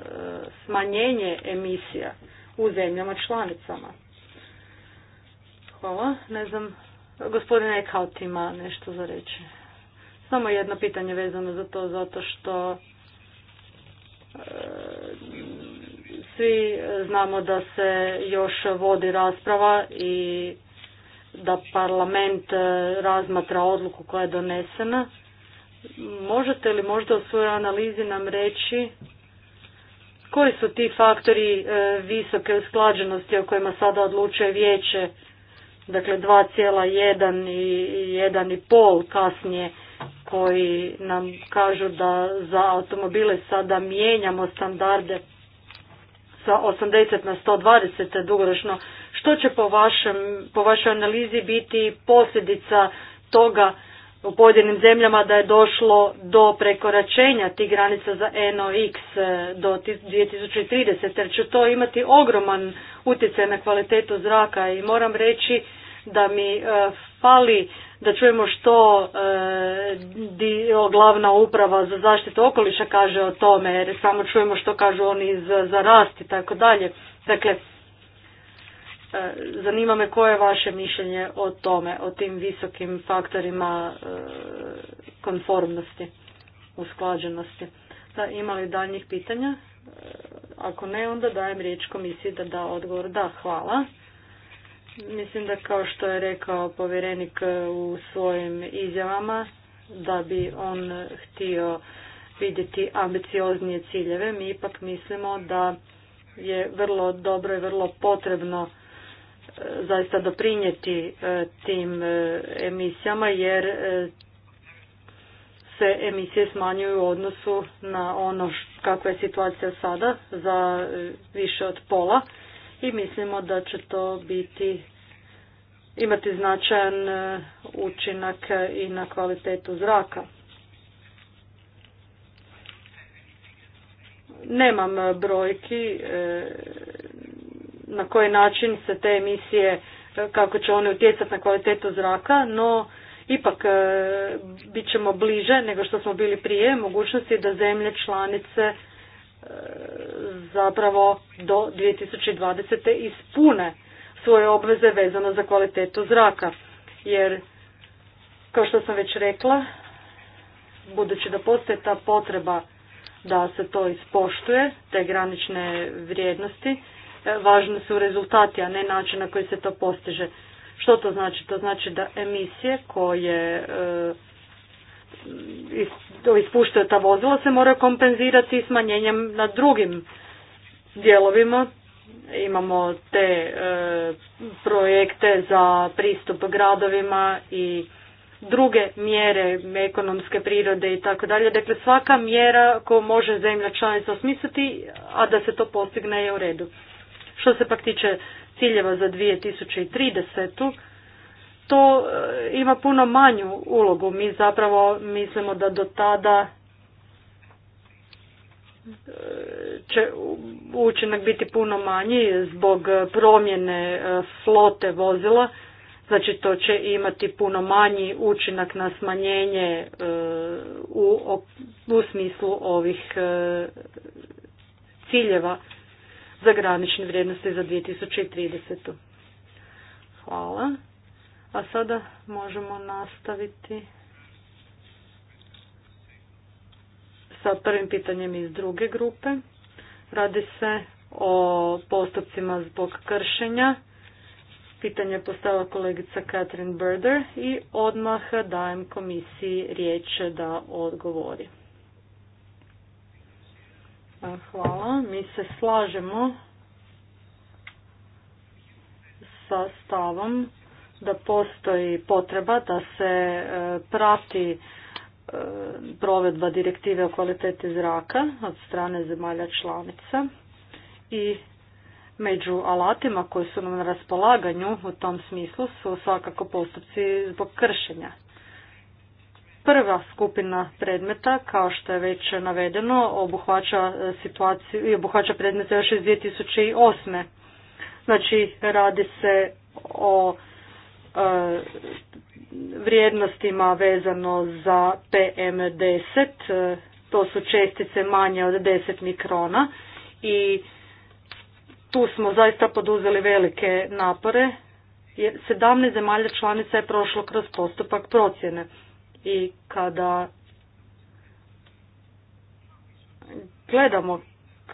smanjenje emisija u zemljama članicama. Hvala. Ne znam, gospodine Eckhout ima nešto za reći. Samo jedno pitanje vezano za to, zato što e, svi znamo da se još vodi rasprava i da parlament e, razmatra odluku koja je donesena. Možete li možda u svojoj analizi nam reći koji su ti faktori e, visoke usklađenosti o kojima sada odlučuje vijeće dakle 2,1 i 1,5 kasnije koji nam kažu da za automobile sada mijenjamo standarde sa 80 na 120 dugoročno. Što će po, vašem, po vašoj analizi biti posljedica toga u pojedinim zemljama da je došlo do prekoračenja tih granica za NOx eh, do 2030. jer će to imati ogroman utjecaj na kvalitetu zraka i moram reći da mi eh, fali da čujemo što eh, dio glavna uprava za zaštitu okoliša kaže o tome jer samo čujemo što kažu oni za rast i tako dalje. Dakle, E, zanima me koje je vaše mišljenje o tome, o tim visokim faktorima e, konformnosti, usklađenosti. Da, ima li daljnjih pitanja? E, ako ne, onda dajem riječ komisiji da da odgovor. Da, hvala. Mislim da kao što je rekao povjerenik u svojim izjavama, da bi on htio vidjeti ambicioznije ciljeve, mi ipak mislimo da je vrlo dobro i vrlo potrebno zaista doprinijeti e, tim e, emisijama jer e, se emisije smanjuju u odnosu na ono kakva je situacija sada za više od pola i mislimo da će to biti imati značajan učinak i na kvalitetu zraka. Nemam brojki na koji način se te emisije, kako će one utjecati na kvalitetu zraka, no ipak e, bit ćemo bliže nego što smo bili prije mogućnosti da zemlje članice e, zapravo do 2020. ispune svoje obveze vezano za kvalitetu zraka. Jer, kao što sam već rekla, budući da postoje ta potreba da se to ispoštuje, te granične vrijednosti, važni su rezultati, a ne način na koji se to postiže. Što to znači? To znači da emisije koje e, ispuštaju ta vozila se mora kompenzirati smanjenjem na drugim dijelovima. Imamo te e, projekte za pristup gradovima i druge mjere ekonomske prirode i tako dalje. Dakle, svaka mjera koju može zemlja članica osmisliti, a da se to postigne je u redu. Što se pak tiče ciljeva za 2030. To e, ima puno manju ulogu. Mi zapravo mislimo da do tada e, će učinak biti puno manji zbog promjene e, flote vozila. Znači to će imati puno manji učinak na smanjenje u, u smislu ovih ciljeva za granične vrijednosti za 2030. Hvala. A sada možemo nastaviti sa prvim pitanjem iz druge grupe. Radi se o postupcima zbog kršenja. Pitanje je kolegica Katrin Berder i odmah dajem komisiji riječ da odgovori. Hvala. Mi se slažemo sa stavom da postoji potreba da se e, prati e, provedba direktive o kvaliteti zraka od strane zemalja članica i među alatima koji su nam na raspolaganju u tom smislu su svakako postupci zbog kršenja. Prva skupina predmeta, kao što je već navedeno, obuhvaća situaciju i obuhvaća predmete još iz 2008. Znači, radi se o e, vrijednostima vezano za PM10, e, to su čestice manje od 10 mikrona i tu smo zaista poduzeli velike napore. 17 zemalja članica je prošlo kroz postupak procjene i kada gledamo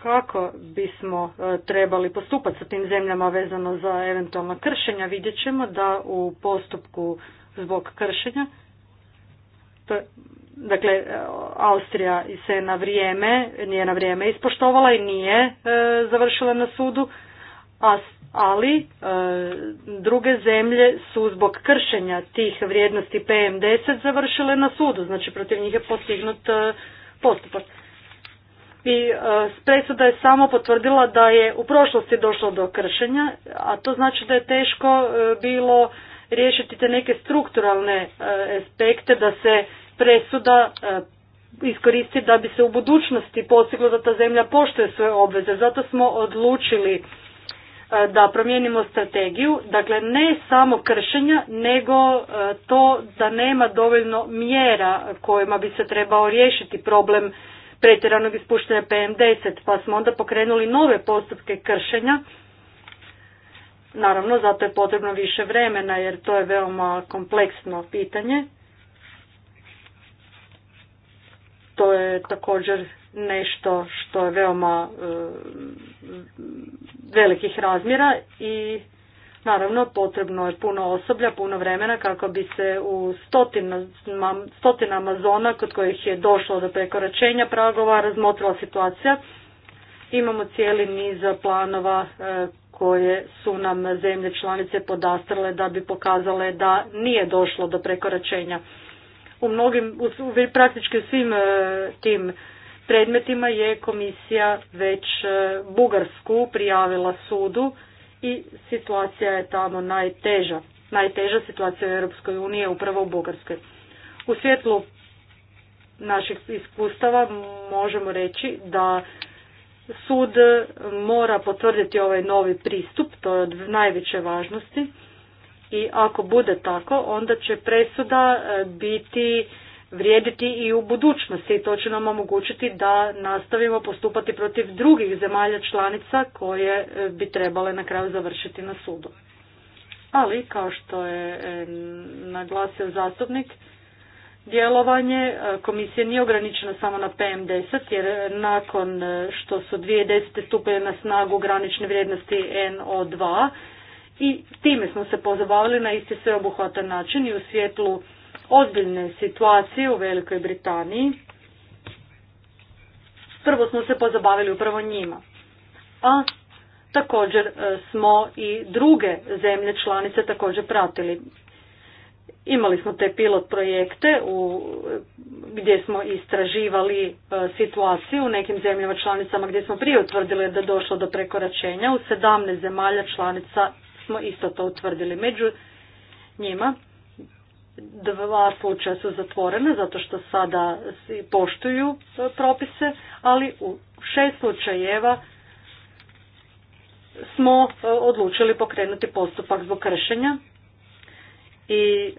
kako bismo e, trebali postupati sa tim zemljama vezano za eventualna kršenja, vidjet ćemo da u postupku zbog kršenja, to dakle e, Austrija se na vrijeme, nije na vrijeme ispoštovala i nije e, završila na sudu, ali e, druge zemlje su zbog kršenja tih vrijednosti PM10 završile na sudu, znači protiv njih je postignut e, postupak. I e, presuda je samo potvrdila da je u prošlosti došlo do kršenja, a to znači da je teško bilo riješiti te neke strukturalne aspekte da se presuda iskoristi da bi se u budućnosti postiglo da ta zemlja poštuje svoje obveze. Zato smo odlučili E, da promijenimo strategiju, dakle ne samo kršenja, nego e, to da nema dovoljno mjera kojima bi se trebao riješiti problem pretjeranog ispuštanja PM10, pa smo onda pokrenuli nove postupke kršenja. Naravno, zato je potrebno više vremena jer to je veoma kompleksno pitanje. To je također nešto što je veoma e, velikih razmjera i Naravno, potrebno je puno osoblja, puno vremena kako bi se u stotinama, stotinama zona kod kojih je došlo do prekoračenja pragova razmotrila situacija. Imamo cijeli niz planova e, koje su nam zemlje članice podastrale da bi pokazale da nije došlo do prekoračenja. U mnogim, u, praktički u svim e, tim predmetima je komisija već e, Bugarsku prijavila sudu i situacija je tamo najteža. Najteža situacija u Europskoj uniji upravo u Bugarskoj. U svjetlu naših iskustava možemo reći da sud mora potvrditi ovaj novi pristup, to je od najveće važnosti i ako bude tako, onda će presuda e, biti vrijediti i u budućnosti i to će nam omogućiti da nastavimo postupati protiv drugih zemalja članica koje e, bi trebale na kraju završiti na sudu. Ali, kao što je e, naglasio zastupnik, djelovanje e, komisije nije ograničeno samo na PM10, jer nakon što su 2010. stupile na snagu granične vrijednosti NO2, i time smo se pozabavili na isti sveobuhvatan način i u svjetlu ozbiljne situacije u Velikoj Britaniji, prvo smo se pozabavili upravo njima. A također e, smo i druge zemlje članice također pratili. Imali smo te pilot projekte u, gdje smo istraživali e, situaciju u nekim zemljama članicama gdje smo prije utvrdili da došlo do prekoračenja. U 17 zemalja članica smo isto to utvrdili. Među njima dva slučaja su zatvorene zato što sada poštuju propise, ali u šest slučajeva smo e, odlučili pokrenuti postupak zbog kršenja i e,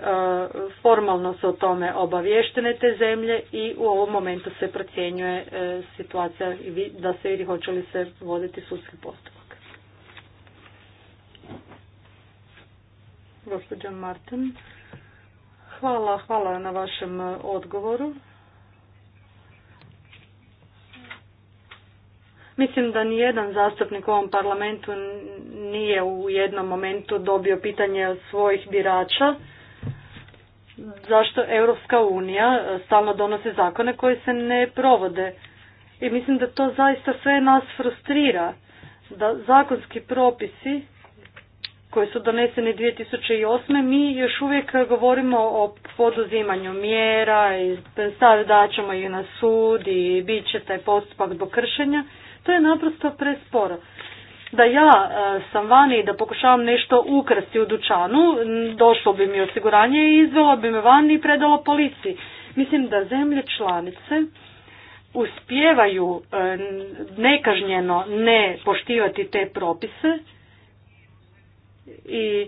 formalno su o tome obavještene te zemlje i u ovom momentu se procjenjuje e, situacija da se vidi hoće li se voditi sudski postupak. Gospodin Martin. Hvala, hvala na vašem e, odgovoru. Mislim da nijedan zastupnik u ovom parlamentu nije u jednom momentu dobio pitanje od svojih birača zašto Europska unija e, stalno donosi zakone koji se ne provode. I mislim da to zaista sve nas frustrira, da zakonski propisi koje su donesene 2008. mi još uvijek govorimo o poduzimanju mjera i da ćemo i na sud i bit će taj postupak zbog kršenja. To je naprosto presporo. Da ja e, sam vani i da pokušavam nešto ukrasti u dućanu, došlo bi mi osiguranje i izvelo bi me vani i predalo policiji. Mislim da zemlje članice uspijevaju e, nekažnjeno ne poštivati te propise, i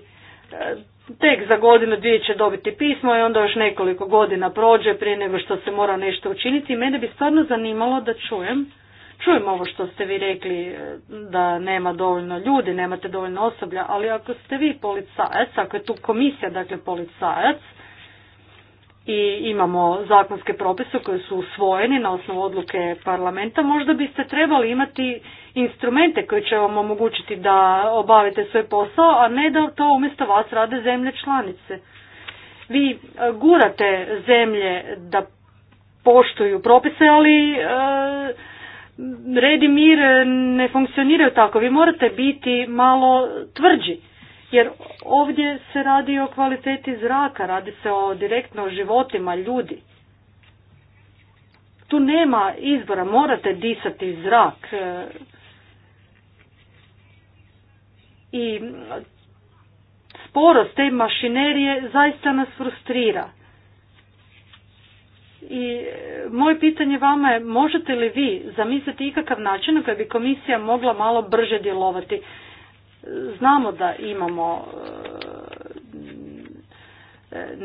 e, tek za godinu dvije će dobiti pismo i onda još nekoliko godina prođe prije nego što se mora nešto učiniti. Mene bi stvarno zanimalo da čujem, čujem ovo što ste vi rekli e, da nema dovoljno ljudi, nemate dovoljno osoblja, ali ako ste vi policajac, ako je tu komisija, dakle policajac, i imamo zakonske propise koji su usvojeni na osnovu odluke parlamenta, možda biste trebali imati instrumente koji će vam omogućiti da obavite svoj posao, a ne da to umjesto vas rade zemlje članice. Vi e, gurate zemlje da poštuju propise, ali e, red i mir ne funkcioniraju tako. Vi morate biti malo tvrđi jer ovdje se radi o kvaliteti zraka, radi se o direktno o životima ljudi. Tu nema izbora, morate disati zrak. I sporost te mašinerije zaista nas frustrira. I e, moje pitanje vama je, možete li vi zamisliti ikakav način na koji bi komisija mogla malo brže djelovati? Znamo da imamo e,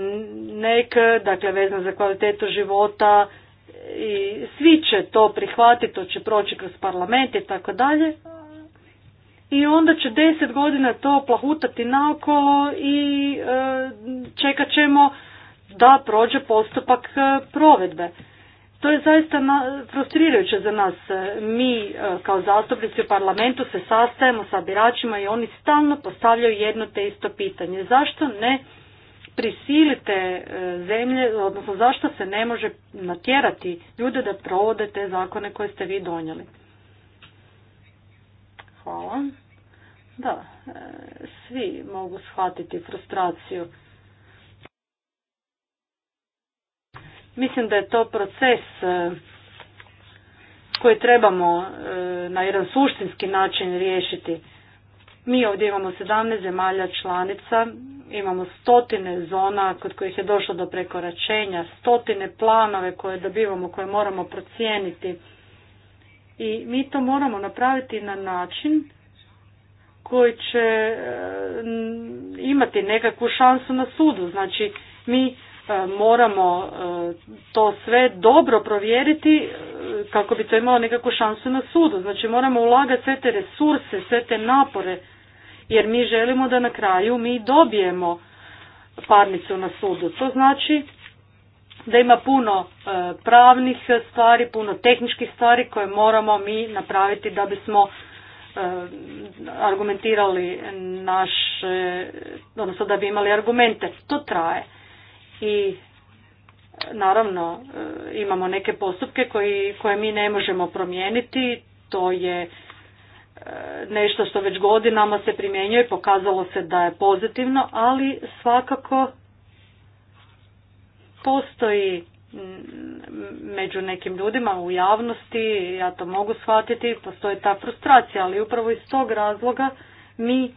nek, dakle vezano za kvalitetu života i svi će to prihvatiti, to će proći kroz parlament i tako dalje. I onda će deset godina to plahutati naokolo i e, čekat ćemo da prođe postupak e, provedbe. To je zaista frustrirajuće za nas. Mi e, kao zastupnici u parlamentu se sastajemo sa biračima i oni stalno postavljaju jedno te isto pitanje. Zašto ne prisilite e, zemlje, odnosno zašto se ne može natjerati ljude da provode te zakone koje ste vi donijeli? Hvala. Da, e, svi mogu shvatiti frustraciju. Mislim da je to proces e, koji trebamo e, na jedan suštinski način riješiti. Mi ovdje imamo 17 zemalja članica, imamo stotine zona kod kojih je došlo do prekoračenja, stotine planove koje dobivamo, koje moramo procijeniti. I mi to moramo napraviti na način koji će e, imati nekakvu šansu na sudu. Znači, mi E, moramo e, to sve dobro provjeriti e, kako bi to imalo nekakvu šansu na sudu. Znači moramo ulagati sve te resurse, sve te napore jer mi želimo da na kraju mi dobijemo parnicu na sudu. To znači da ima puno pravnih stvari, puno tehničkih stvari koje moramo mi napraviti da bismo argumentirali naše, odnosno da bi imali argumente. To traje i naravno e, imamo neke postupke koji, koje mi ne možemo promijeniti, to je e, nešto što već godinama se primjenjuje, pokazalo se da je pozitivno, ali svakako postoji među nekim ljudima u javnosti, ja to mogu shvatiti, postoji ta frustracija, ali upravo iz tog razloga mi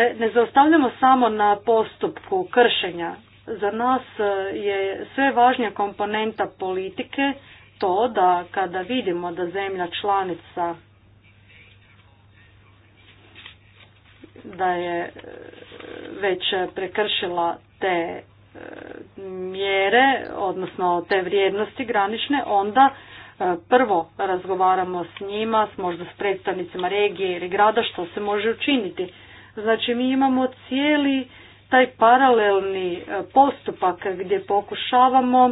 ne zaustavljamo samo na postupku kršenja. Za nas e, je sve važnija komponenta politike to da kada vidimo da zemlja članica da je e, već prekršila te e, mjere, odnosno te vrijednosti granične, onda prvo razgovaramo s njima, možda s predstavnicima regije ili grada što se može učiniti. Znači mi imamo cijeli taj paralelni e, postupak gdje pokušavamo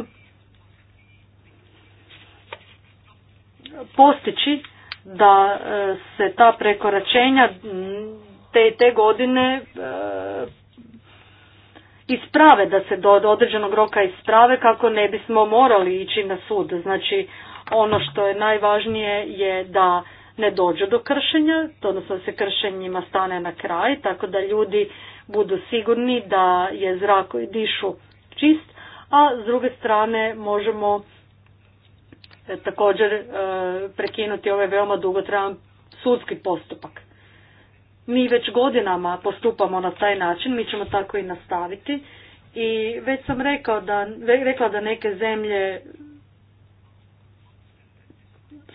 postići da e, se ta prekoračenja te te godine e, isprave, da se do određenog roka isprave kako ne bismo morali ići na sud. Znači ono što je najvažnije je da ne dođe do kršenja, to odnosno se kršenjima stane na kraj, tako da ljudi budu sigurni da je zrak koji dišu čist, a s druge strane možemo e, također e, prekinuti ovaj veoma dugotrajan sudski postupak. Mi već godinama postupamo na taj način, mi ćemo tako i nastaviti. I već sam rekao da, rekla da neke zemlje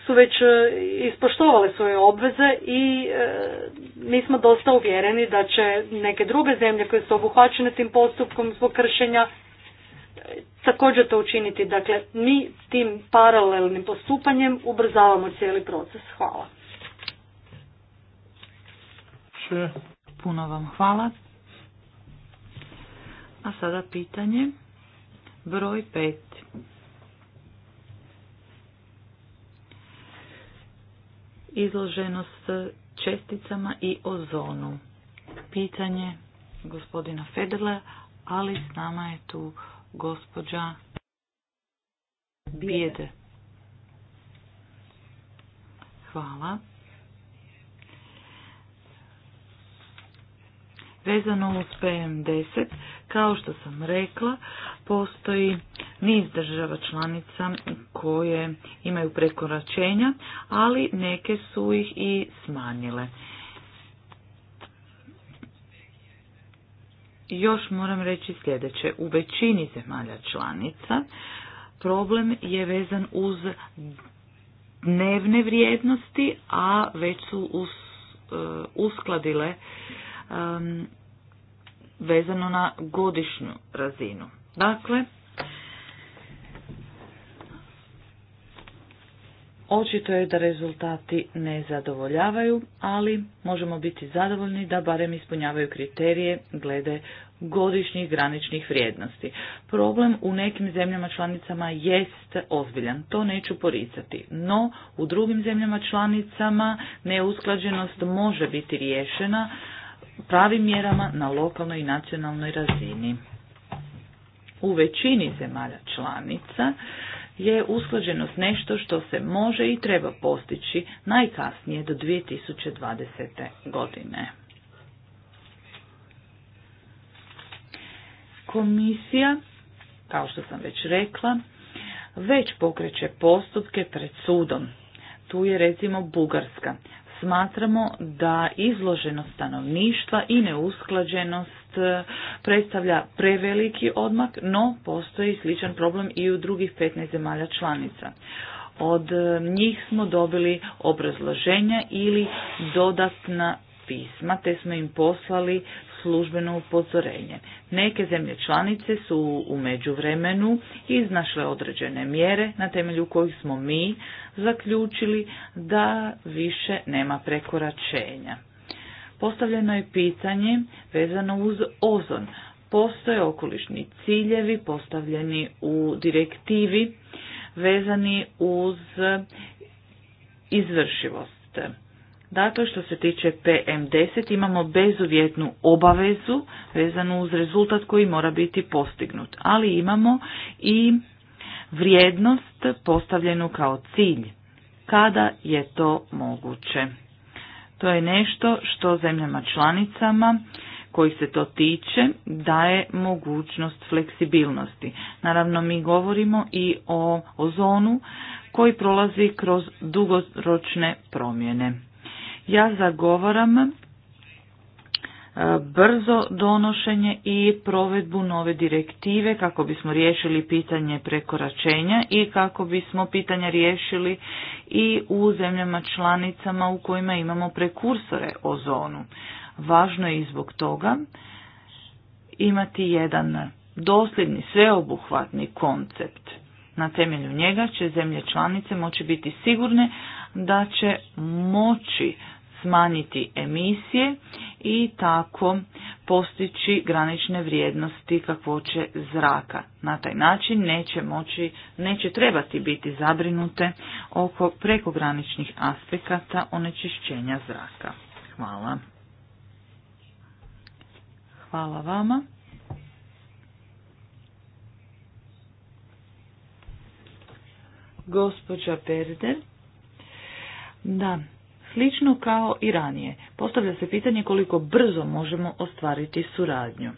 su već e, ispoštovale svoje obveze i e, mi smo dosta uvjereni da će neke druge zemlje koje su obuhvaćene tim postupkom zbog kršenja e, također to učiniti. Dakle, mi tim paralelnim postupanjem ubrzavamo cijeli proces. Hvala. Puno vam hvala. A sada pitanje broj pet. izloženost česticama i ozonu. Pitanje gospodina Federle, ali s nama je tu gospođa Bijede. Hvala. Vezano uz PM10, kao što sam rekla, postoji niz država članica koje imaju prekoračenja, ali neke su ih i smanjile. Još moram reći sljedeće, u većini zemalja članica problem je vezan uz dnevne vrijednosti, a već su e, uskladile vezano na godišnju razinu. Dakle, Očito je da rezultati ne zadovoljavaju, ali možemo biti zadovoljni da barem ispunjavaju kriterije glede godišnjih graničnih vrijednosti. Problem u nekim zemljama članicama jest ozbiljan, to neću poricati, no u drugim zemljama članicama neusklađenost može biti riješena pravim mjerama na lokalnoj i nacionalnoj razini. U većini zemalja članica je usklađenost nešto što se može i treba postići najkasnije do 2020. godine. Komisija, kao što sam već rekla, već pokreće postupke pred sudom. Tu je recimo Bugarska smatramo da izloženost stanovništva i neusklađenost e, predstavlja preveliki odmak, no postoji sličan problem i u drugih 15 zemalja članica. Od e, njih smo dobili obrazloženja ili dodatna pisma, te smo im poslali službeno upozorenje. Neke zemlje članice su u međuvremenu iznašle određene mjere na temelju kojih smo mi zaključili da više nema prekoračenja. Postavljeno je pitanje vezano uz ozon. Postoje okolišni ciljevi postavljeni u direktivi vezani uz izvršivost. Dakle, što se tiče PM10 imamo bezuvjetnu obavezu vezanu uz rezultat koji mora biti postignut, ali imamo i vrijednost postavljenu kao cilj kada je to moguće. To je nešto što zemljama članicama koji se to tiče daje mogućnost fleksibilnosti. Naravno mi govorimo i o ozonu koji prolazi kroz dugoročne promjene. Ja zagovaram e, brzo donošenje i provedbu nove direktive kako bismo riješili pitanje prekoračenja i kako bismo pitanja riješili i u zemljama članicama u kojima imamo prekursore ozonu. Važno je i zbog toga imati jedan dosljedni, sveobuhvatni koncept. Na temelju njega će zemlje članice moći biti sigurne da će moći smanjiti emisije i tako postići granične vrijednosti kakvoće zraka. Na taj način neće moći, neće trebati biti zabrinute oko prekograničnih aspekata onečišćenja zraka. Hvala. Hvala vama. Gospođa Perder. Da, Slično kao i ranije, postavlja se pitanje koliko brzo možemo ostvariti suradnju.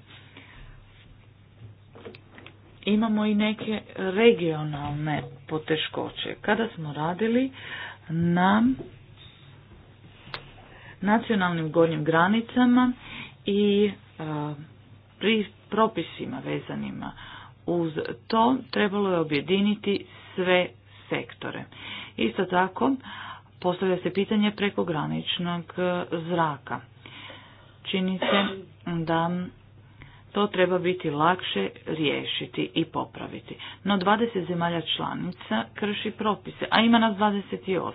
Imamo i neke regionalne poteškoće. Kada smo radili na nacionalnim gornjim granicama i e, pri propisima vezanima uz to trebalo je objediniti sve sektore. Isto tako, postavlja se pitanje prekograničnog e, zraka. Čini se da to treba biti lakše riješiti i popraviti. No 20 zemalja članica krši propise, a ima nas 28.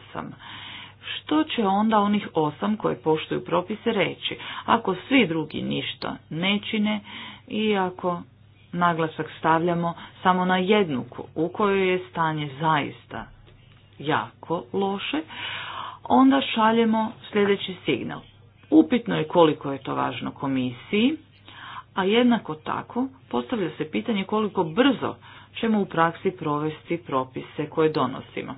Što će onda onih 8 koje poštuju propise reći, ako svi drugi ništa ne čine i ako naglasak stavljamo samo na jednu u kojoj je stanje zaista jako loše, onda šaljemo sljedeći signal. Upitno je koliko je to važno komisiji, a jednako tako postavlja se pitanje koliko brzo ćemo u praksi provesti propise koje donosimo.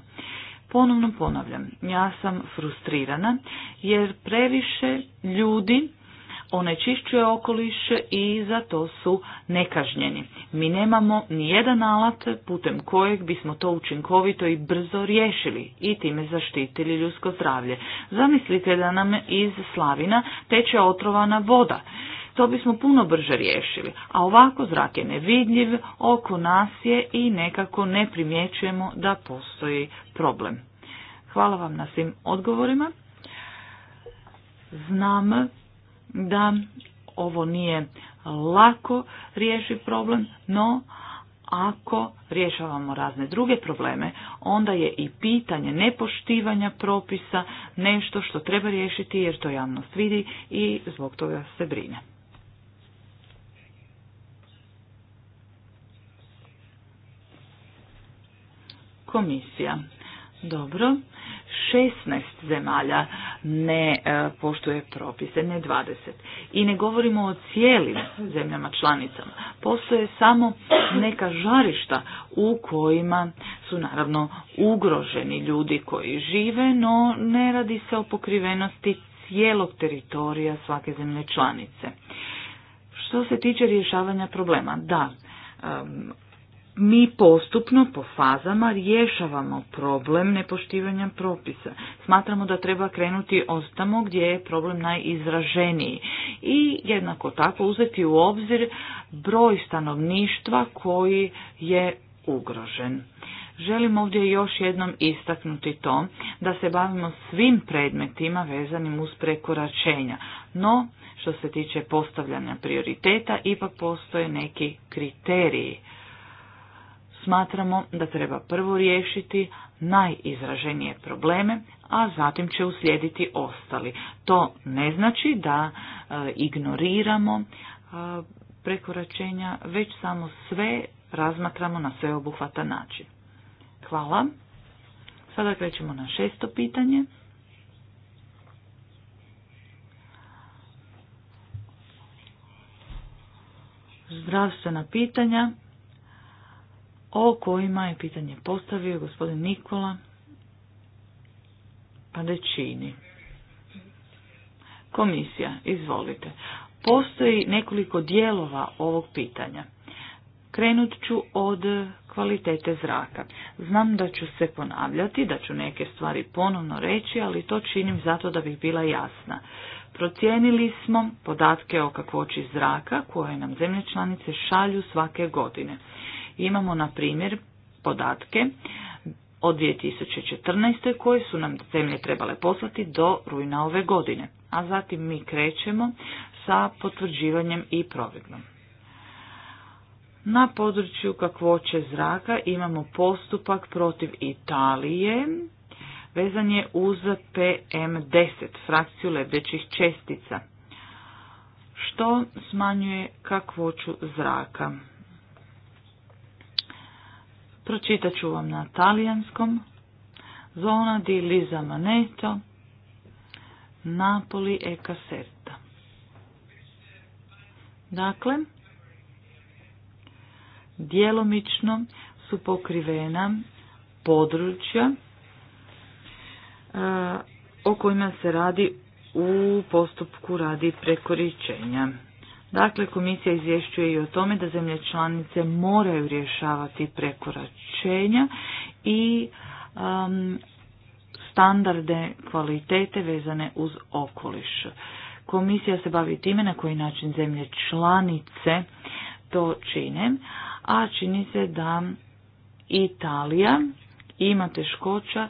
Ponovno ponavljam, ja sam frustrirana jer previše ljudi onečišćuje okoliš i za to su nekažnjeni. Mi nemamo ni jedan alat putem kojeg bismo to učinkovito i brzo riješili i time zaštitili ljudsko zdravlje. Zamislite da nam iz slavina teče otrovana voda. To bismo puno brže riješili, a ovako zrak je nevidljiv, oko nas je i nekako ne primjećujemo da postoji problem. Hvala vam na svim odgovorima. Znam da ovo nije lako riješi problem, no ako rješavamo razne druge probleme, onda je i pitanje nepoštivanja propisa nešto što treba riješiti jer to javnost vidi i zbog toga se brine. Komisija. Dobro, 16 zemalja ne e, poštuje propise, ne 20. I ne govorimo o cijelim zemljama članicama. Postoje samo neka žarišta u kojima su naravno ugroženi ljudi koji žive, no ne radi se o pokrivenosti cijelog teritorija svake zemlje članice. Što se tiče rješavanja problema, da, mi postupno po fazama rješavamo problem nepoštivanja propisa. Smatramo da treba krenuti od tamo gdje je problem najizraženiji i jednako tako uzeti u obzir broj stanovništva koji je ugrožen. Želim ovdje još jednom istaknuti to da se bavimo svim predmetima vezanim uz prekoračenja, no što se tiče postavljanja prioriteta ipak postoje neki kriteriji Smatramo da treba prvo riješiti najizraženije probleme, a zatim će uslijediti ostali. To ne znači da e, ignoriramo e, prekoračenja, već samo sve razmatramo na sveobuhvatan način. Hvala. Sada krećemo na šesto pitanje. Zdravstvena pitanja o kojima je pitanje postavio gospodin Nikola Padečini. Komisija, izvolite. Postoji nekoliko dijelova ovog pitanja. Krenut ću od kvalitete zraka. Znam da ću se ponavljati, da ću neke stvari ponovno reći, ali to činim zato da bih bila jasna. Procijenili smo podatke o kakvoći zraka koje nam zemlje članice šalju svake godine. Imamo, na primjer, podatke od 2014. koje su nam zemlje trebale poslati do rujna ove godine, a zatim mi krećemo sa potvrđivanjem i provedbom. Na području kakvoće zraka imamo postupak protiv Italije, vezan je uz PM10, frakciju lebdećih čestica, što smanjuje kakvoću zraka. Pročitat ću vam na talijanskom. Zona di Liza Maneto, Napoli e Caserta. Dakle, djelomično su pokrivena područja e, o kojima se radi u postupku radi prekoričenja. Dakle, komisija izvješćuje i o tome da zemlje članice moraju rješavati prekoračenja i um, standarde kvalitete vezane uz okoliš. Komisija se bavi time na koji način zemlje članice to čine, a čini se da Italija ima teškoća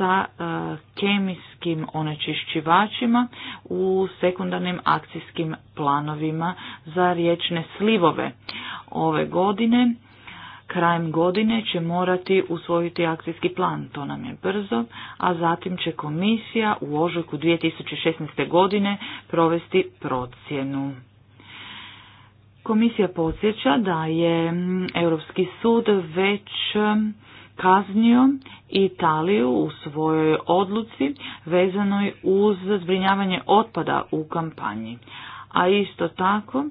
sa e, kemijskim onečišćivačima u sekundarnim akcijskim planovima za riječne slivove. Ove godine, krajem godine će morati usvojiti akcijski plan, to nam je brzo, a zatim će komisija u ožujku 2016. godine provesti procjenu. Komisija podsjeća da je mm, Europski sud već mm, kaznio Italiju u svojoj odluci vezanoj uz zbrinjavanje otpada u kampanji. A isto tako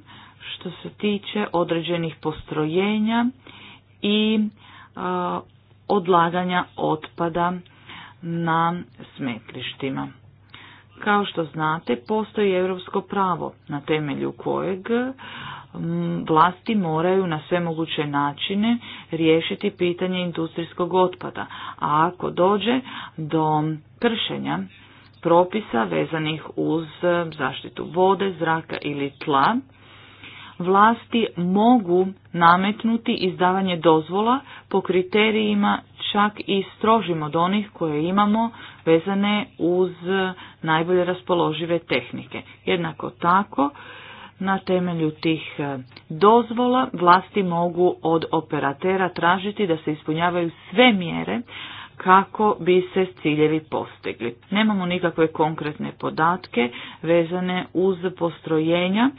što se tiče određenih postrojenja i odlaganja otpada na smetlištima. Kao što znate, postoji europsko pravo na temelju kojeg vlasti moraju na sve moguće načine riješiti pitanje industrijskog otpada, a ako dođe do kršenja propisa vezanih uz e, zaštitu vode, zraka ili tla, vlasti mogu nametnuti izdavanje dozvola po kriterijima čak i strožim od onih koje imamo vezane uz e, najbolje raspoložive tehnike. Jednako tako na temelju tih e, dozvola vlasti mogu od operatera tražiti da se ispunjavaju sve mjere kako bi se ciljevi postigli. Nemamo nikakve konkretne podatke vezane uz postrojenja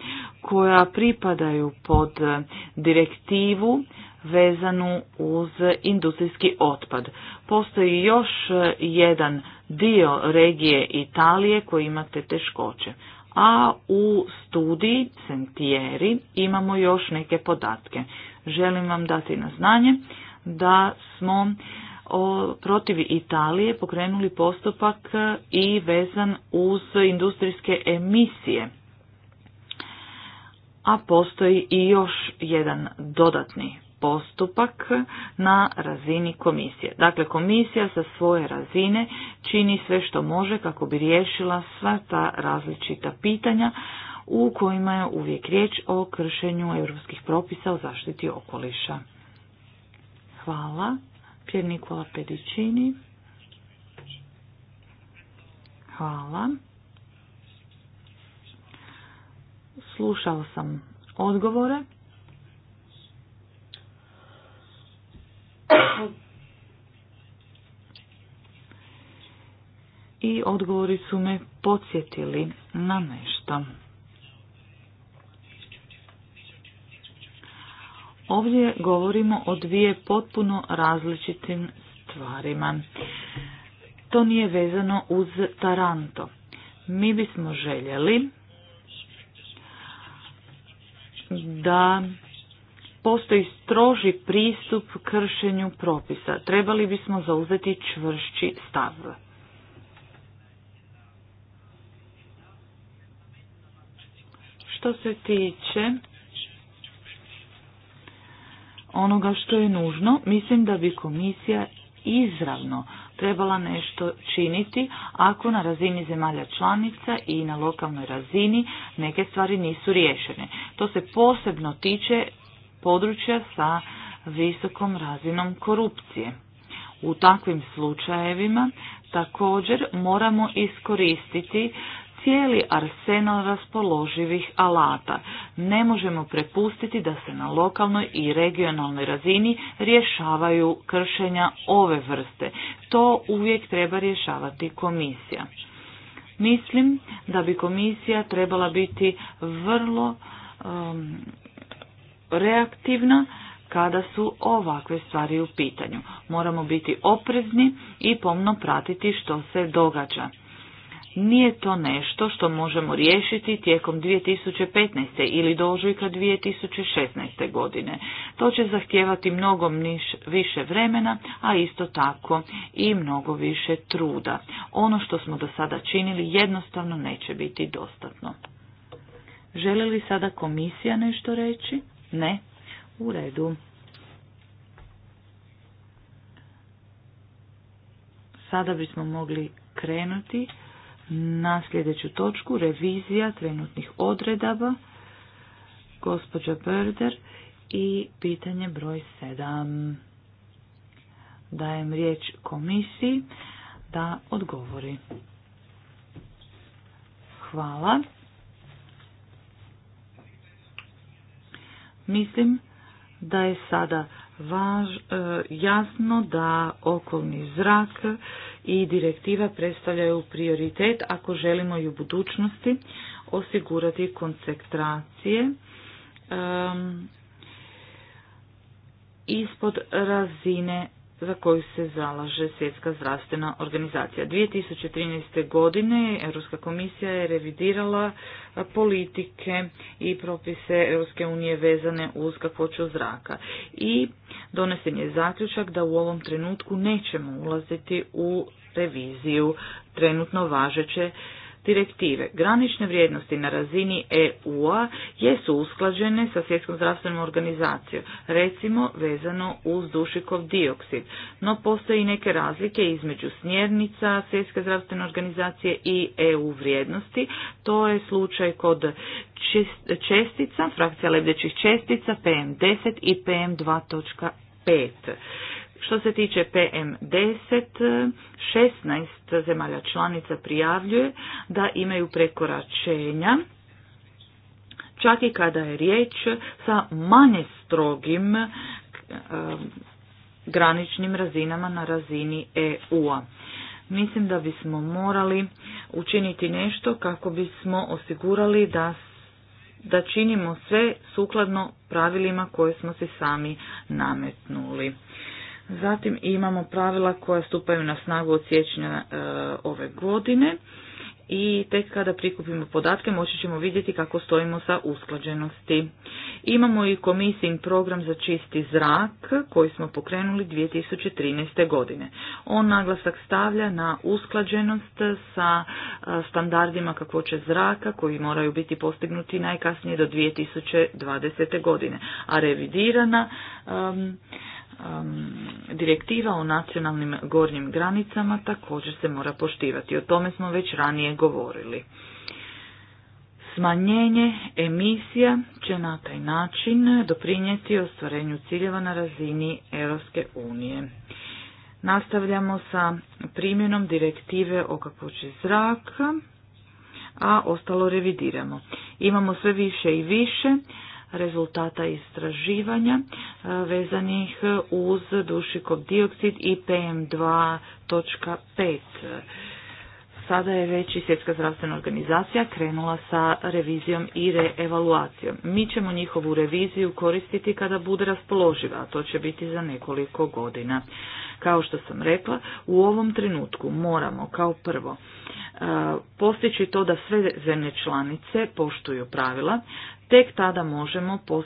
koja pripadaju pod e, direktivu vezanu uz industrijski otpad. Postoji još e, jedan dio regije Italije koji imate teškoće a u studiji Sentieri imamo još neke podatke. Želim vam dati na znanje da smo protiv Italije pokrenuli postupak e, i vezan uz industrijske emisije. A postoji i još jedan dodatni postupak na razini komisije. Dakle, komisija sa svoje razine čini sve što može kako bi riješila sva ta različita pitanja u kojima je uvijek riječ o kršenju europskih propisa o zaštiti okoliša. Hvala. Pjer Nikola Pedicini. Hvala. Slušao sam odgovore. I odgovori su me podsjetili na nešto. Ovdje govorimo o dvije potpuno različitim stvarima. To nije vezano uz Taranto. Mi bismo željeli da postoji stroži pristup kršenju propisa. Trebali bismo zauzeti čvršći stav. Što se tiče onoga što je nužno, mislim da bi komisija izravno trebala nešto činiti ako na razini zemalja članica i na lokalnoj razini neke stvari nisu riješene. To se posebno tiče područja sa visokom razinom korupcije. U takvim slučajevima također moramo iskoristiti cijeli arsenal raspoloživih alata. Ne možemo prepustiti da se na lokalnoj i regionalnoj razini rješavaju kršenja ove vrste. To uvijek treba rješavati komisija. Mislim da bi komisija trebala biti vrlo um, reaktivna kada su ovakve stvari u pitanju. Moramo biti oprezni i pomno pratiti što se događa. Nije to nešto što možemo riješiti tijekom 2015. ili dožujka 2016. godine. To će zahtijevati mnogo više vremena, a isto tako i mnogo više truda. Ono što smo do sada činili jednostavno neće biti dostatno. Želi li sada komisija nešto reći? Ne. U redu. Sada bismo mogli krenuti na sljedeću točku, revizija trenutnih odredaba, gospođa Berder i pitanje broj 7. Dajem riječ komisiji da odgovori. Hvala. Mislim da je sada važ, e, jasno da okolni zrak i direktiva predstavljaju prioritet ako želimo i u budućnosti osigurati koncentracije ispod razine za koju se zalaže Svjetska zdravstvena organizacija. 2013. godine Europska komisija je revidirala politike i propise Europske unije vezane uz kakvoću zraka i donesen je zaključak da u ovom trenutku nećemo ulaziti u reviziju trenutno važeće direktive. Granične vrijednosti na razini EU-a jesu usklađene sa svjetskom zdravstvenom organizacijom, recimo vezano uz dušikov dioksid, no postoje i neke razlike između smjernica svjetske zdravstvene organizacije i EU vrijednosti. To je slučaj kod čestica, frakcija lebdećih čestica PM10 i PM2.5. Što se tiče PM10, 16 zemalja članica prijavljuje da imaju prekoračenja, čak i kada je riječ sa manje strogim um, graničnim razinama na razini EU-a. Mislim da bismo morali učiniti nešto kako bismo osigurali da da činimo sve sukladno pravilima koje smo se sami nametnuli. Zatim imamo pravila koja stupaju na snagu od siječnja e, ove godine i tek kada prikupimo podatke moći ćemo vidjeti kako stojimo sa usklađenosti. Imamo i komisijin program za čisti zrak koji smo pokrenuli 2013. godine. On naglasak stavlja na usklađenost sa e, standardima kakvoće zraka koji moraju biti postignuti najkasnije do 2020. godine, a revidirana Um, direktiva o nacionalnim gornjim granicama također se mora poštivati. O tome smo već ranije govorili. Smanjenje emisija će na taj način doprinijeti ostvarenju ciljeva na razini Europske unije. Nastavljamo sa primjenom direktive o kakvoći zraka, a ostalo revidiramo. Imamo sve više i više rezultata istraživanja e, vezanih uz dušikov dioksid i PM2.5. Sada je već i Svjetska zdravstvena organizacija krenula sa revizijom i reevaluacijom. Mi ćemo njihovu reviziju koristiti kada bude raspoloživa, a to će biti za nekoliko godina. Kao što sam rekla, u ovom trenutku moramo kao prvo e, postići to da sve zemlje članice poštuju pravila, tek tada možemo e,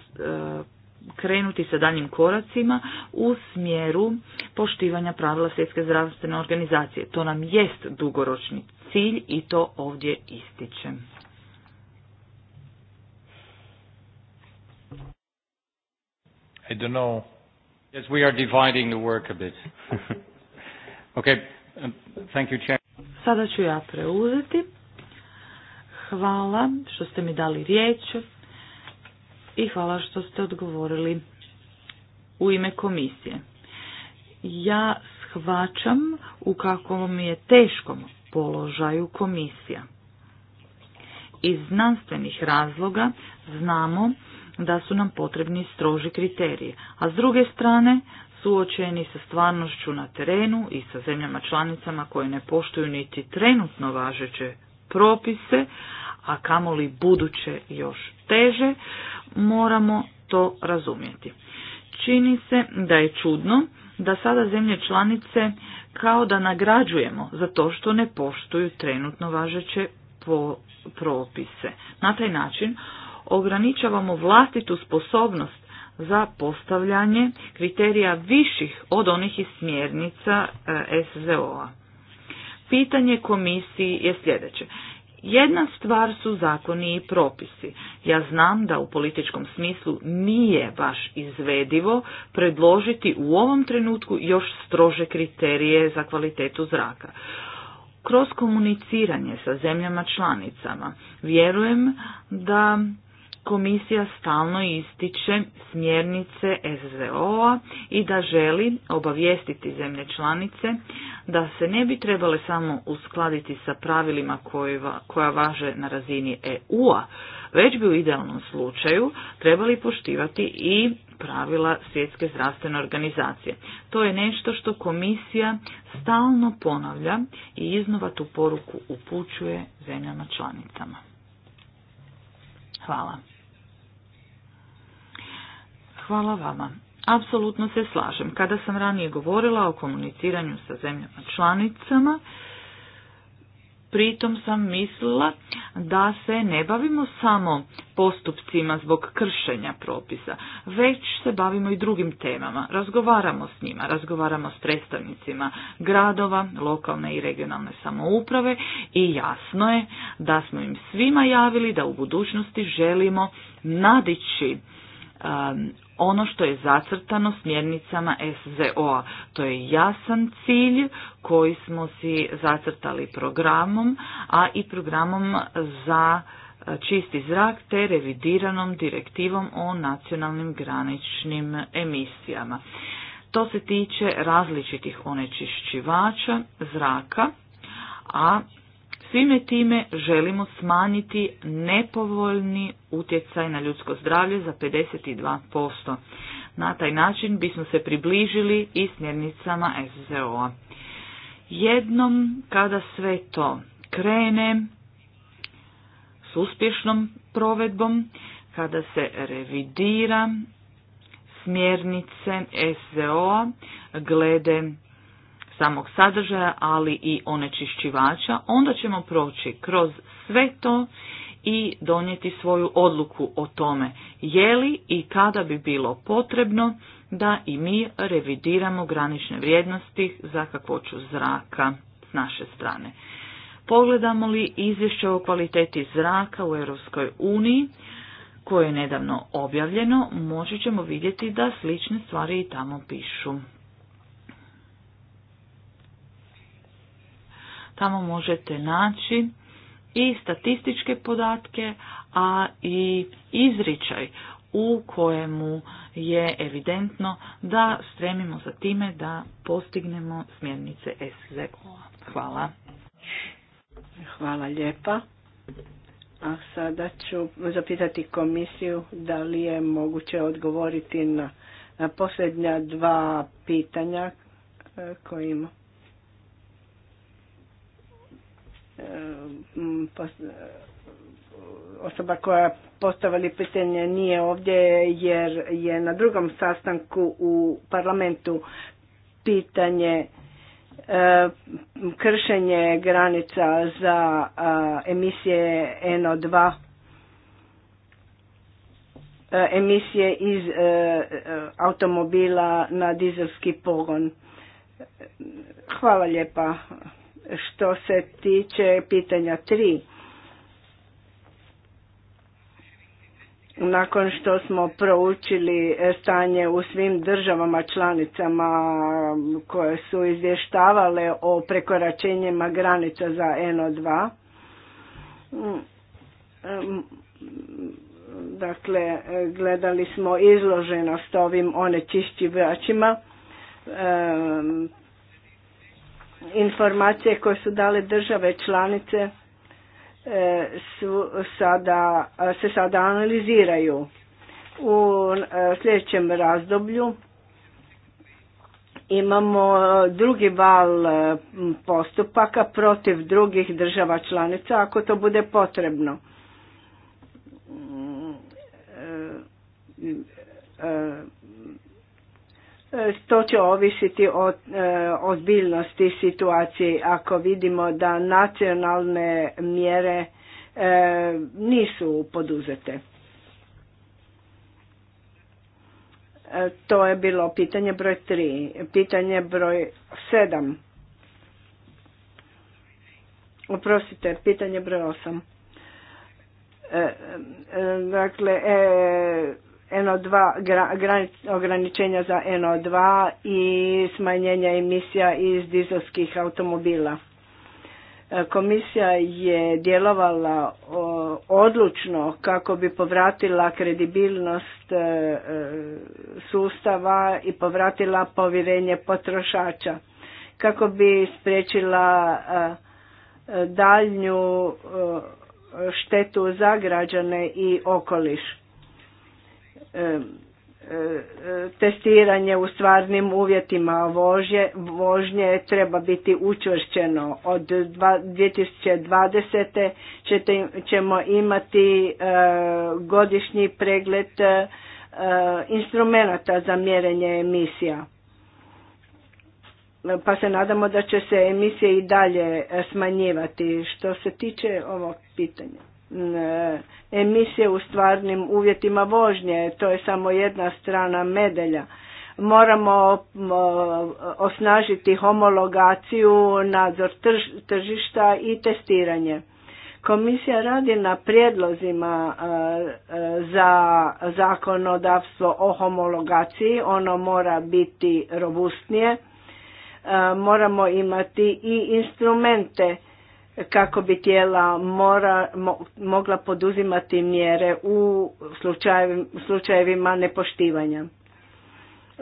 krenuti sa daljim koracima u smjeru poštivanja pravila Svjetske zdravstvene organizacije. To nam jest dugoročni cilj i to ovdje ističem. I Yes, we are dividing the work a bit. okay, um, thank you, Sada ću ja preuzeti. Hvala što ste mi dali riječ i hvala što ste odgovorili u ime komisije. Ja shvaćam u kakvom je teškom položaju komisija. Iz znanstvenih razloga znamo da su nam potrebni stroži kriteriji, a s druge strane suočeni sa stvarnošću na terenu i sa zemljama članicama koje ne poštuju niti trenutno važeće propise, a kamoli buduće još teže, moramo to razumjeti. Čini se da je čudno da sada zemlje članice kao da nagrađujemo za to što ne poštuju trenutno važeće po propise. Na taj način ograničavamo vlastitu sposobnost za postavljanje kriterija viših od onih iz smjernica e, SZO-a. Pitanje komisiji je sljedeće. Jedna stvar su zakoni i propisi. Ja znam da u političkom smislu nije baš izvedivo predložiti u ovom trenutku još strože kriterije za kvalitetu zraka. Kroz komuniciranje sa zemljama članicama vjerujem da komisija stalno ističe smjernice SZO-a i da želi obavijestiti zemlje članice da se ne bi trebale samo uskladiti sa pravilima koja važe na razini EU-a, već bi u idealnom slučaju trebali poštivati i pravila Svjetske zdravstvene organizacije. To je nešto što komisija stalno ponavlja i iznova tu poruku upućuje zemljama članicama. Hvala. Hvala vama. Apsolutno se slažem. Kada sam ranije govorila o komuniciranju sa zemljama članicama, pritom sam mislila da se ne bavimo samo postupcima zbog kršenja propisa, već se bavimo i drugim temama. Razgovaramo s njima, razgovaramo s predstavnicima gradova, lokalne i regionalne samouprave i jasno je da smo im svima javili da u budućnosti želimo nadići ono što je zacrtano smjernicama SZO-a. To je jasan cilj koji smo si zacrtali programom, a i programom za e, čisti zrak te revidiranom direktivom o nacionalnim graničnim emisijama. To se tiče različitih onečišćivača zraka, a Svime time želimo smanjiti nepovoljni utjecaj na ljudsko zdravlje za 52%. Na taj način bismo se približili i smjernicama SZO-a. Jednom kada sve to krene s uspješnom provedbom, kada se revidira smjernice SZO-a glede samog sadržaja, ali i onečišćivača, onda ćemo proći kroz sve to i donijeti svoju odluku o tome je li i kada bi bilo potrebno da i mi revidiramo granične vrijednosti za kakvoću zraka s naše strane. Pogledamo li izvješće o kvaliteti zraka u Europskoj uniji, koje je nedavno objavljeno, moći ćemo vidjeti da slične stvari i tamo pišu. Tamo možete naći i statističke podatke, a i izričaj u kojemu je evidentno da stremimo za time da postignemo smjernice SZO-a. Hvala. Hvala lijepa. A sada ću zapitati komisiju da li je moguće odgovoriti na posljednja dva pitanja e, koje Eh, mm, eh, osoba koja postavili pitanje nije ovdje jer je na drugom sastanku u parlamentu pitanje eh, kršenje granica za emisije NO2 emisije iz automobila na dizelski pogon. Hvala lijepa. Što se tiče pitanja 3, nakon što smo proučili stanje u svim državama članicama koje su izvještavale o prekoračenjima granica za NO2, dakle gledali smo izloženost ovim onečišćivačima, informacije koje su dale države članice e, su sada, se sada analiziraju u e, sljedećem razdoblju imamo drugi val e, postupaka protiv drugih država članica ako to bude potrebno. Mm, e, E, to će ovisiti o e, ozbiljnosti situacije. Ako vidimo da nacionalne mjere e, nisu poduzete. To je bilo pitanje broj 3. Pitanje broj 7. Oprostite, pitanje broj 8. Dakle, e, NO2, ograničenja za NO2 i smanjenja emisija iz dizelskih automobila. E, komisija je djelovala odlučno kako bi povratila kredibilnost e, e, sustava i povratila povjerenje potrošača, kako bi spriječila daljnju štetu za građane i okoliš testiranje u stvarnim uvjetima vožnje, vožnje treba biti učvršćeno. Od 2020. ćemo imati e, godišnji pregled e, instrumenta za mjerenje emisija. Pa se nadamo da će se emisije i dalje smanjivati što se tiče ovog pitanja. E, emisije u stvarnim uvjetima vožnje. To je samo jedna strana medelja. Moramo osnažiti homologaciju, nadzor tržišta i testiranje. Komisija radi na prijedlozima e, e, za zakonodavstvo o homologaciji. Ono mora biti robustnije. Moramo imati i instrumente kako bi tijela mora, mogla poduzimati mjere u slučajevima nepoštivanja.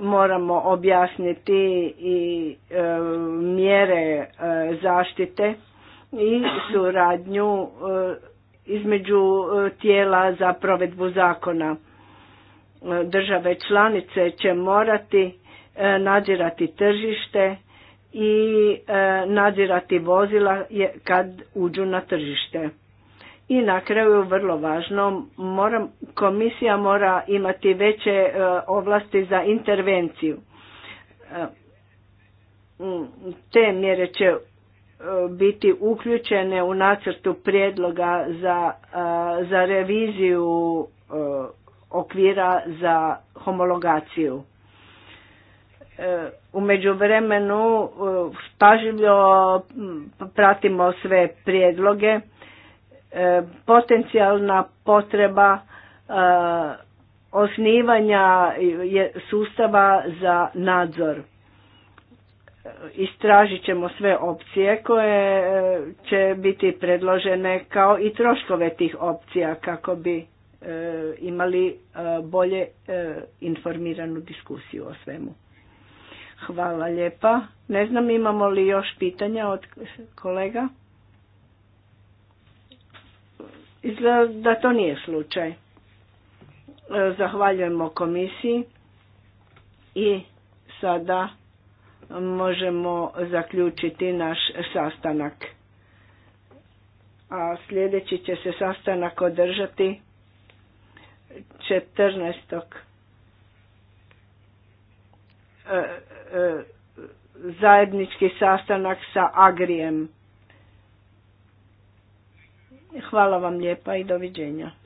Moramo objasniti i e, mjere e, zaštite i suradnju e, između tijela za provedbu zakona. Države članice će morati nadzirati tržište i e, nadzirati vozila je kad uđu na tržište. I na kraju vrlo važno, mora, komisija mora imati veće e, ovlasti za intervenciju. E, te mjere će biti uključene u nacrtu prijedloga za, za reviziju okvira za homologaciju. U međuvremenu e, pažljivo pratimo sve prijedloge. E, potencijalna potreba e, osnivanja sustava za nadzor. Istražit ćemo sve opcije koje će biti predložene kao i troškove tih opcija kako bi imali bolje informiranu diskusiju o svemu. Hvala lijepa. Ne znam imamo li još pitanja od kolega. Izgleda da to nije slučaj. E, zahvaljujemo komisiji i sada možemo zaključiti naš sastanak. A sljedeći će se sastanak održati 14. E, e, zajednički sastanak sa Agrijem. Hvala vam lijepa i doviđenja.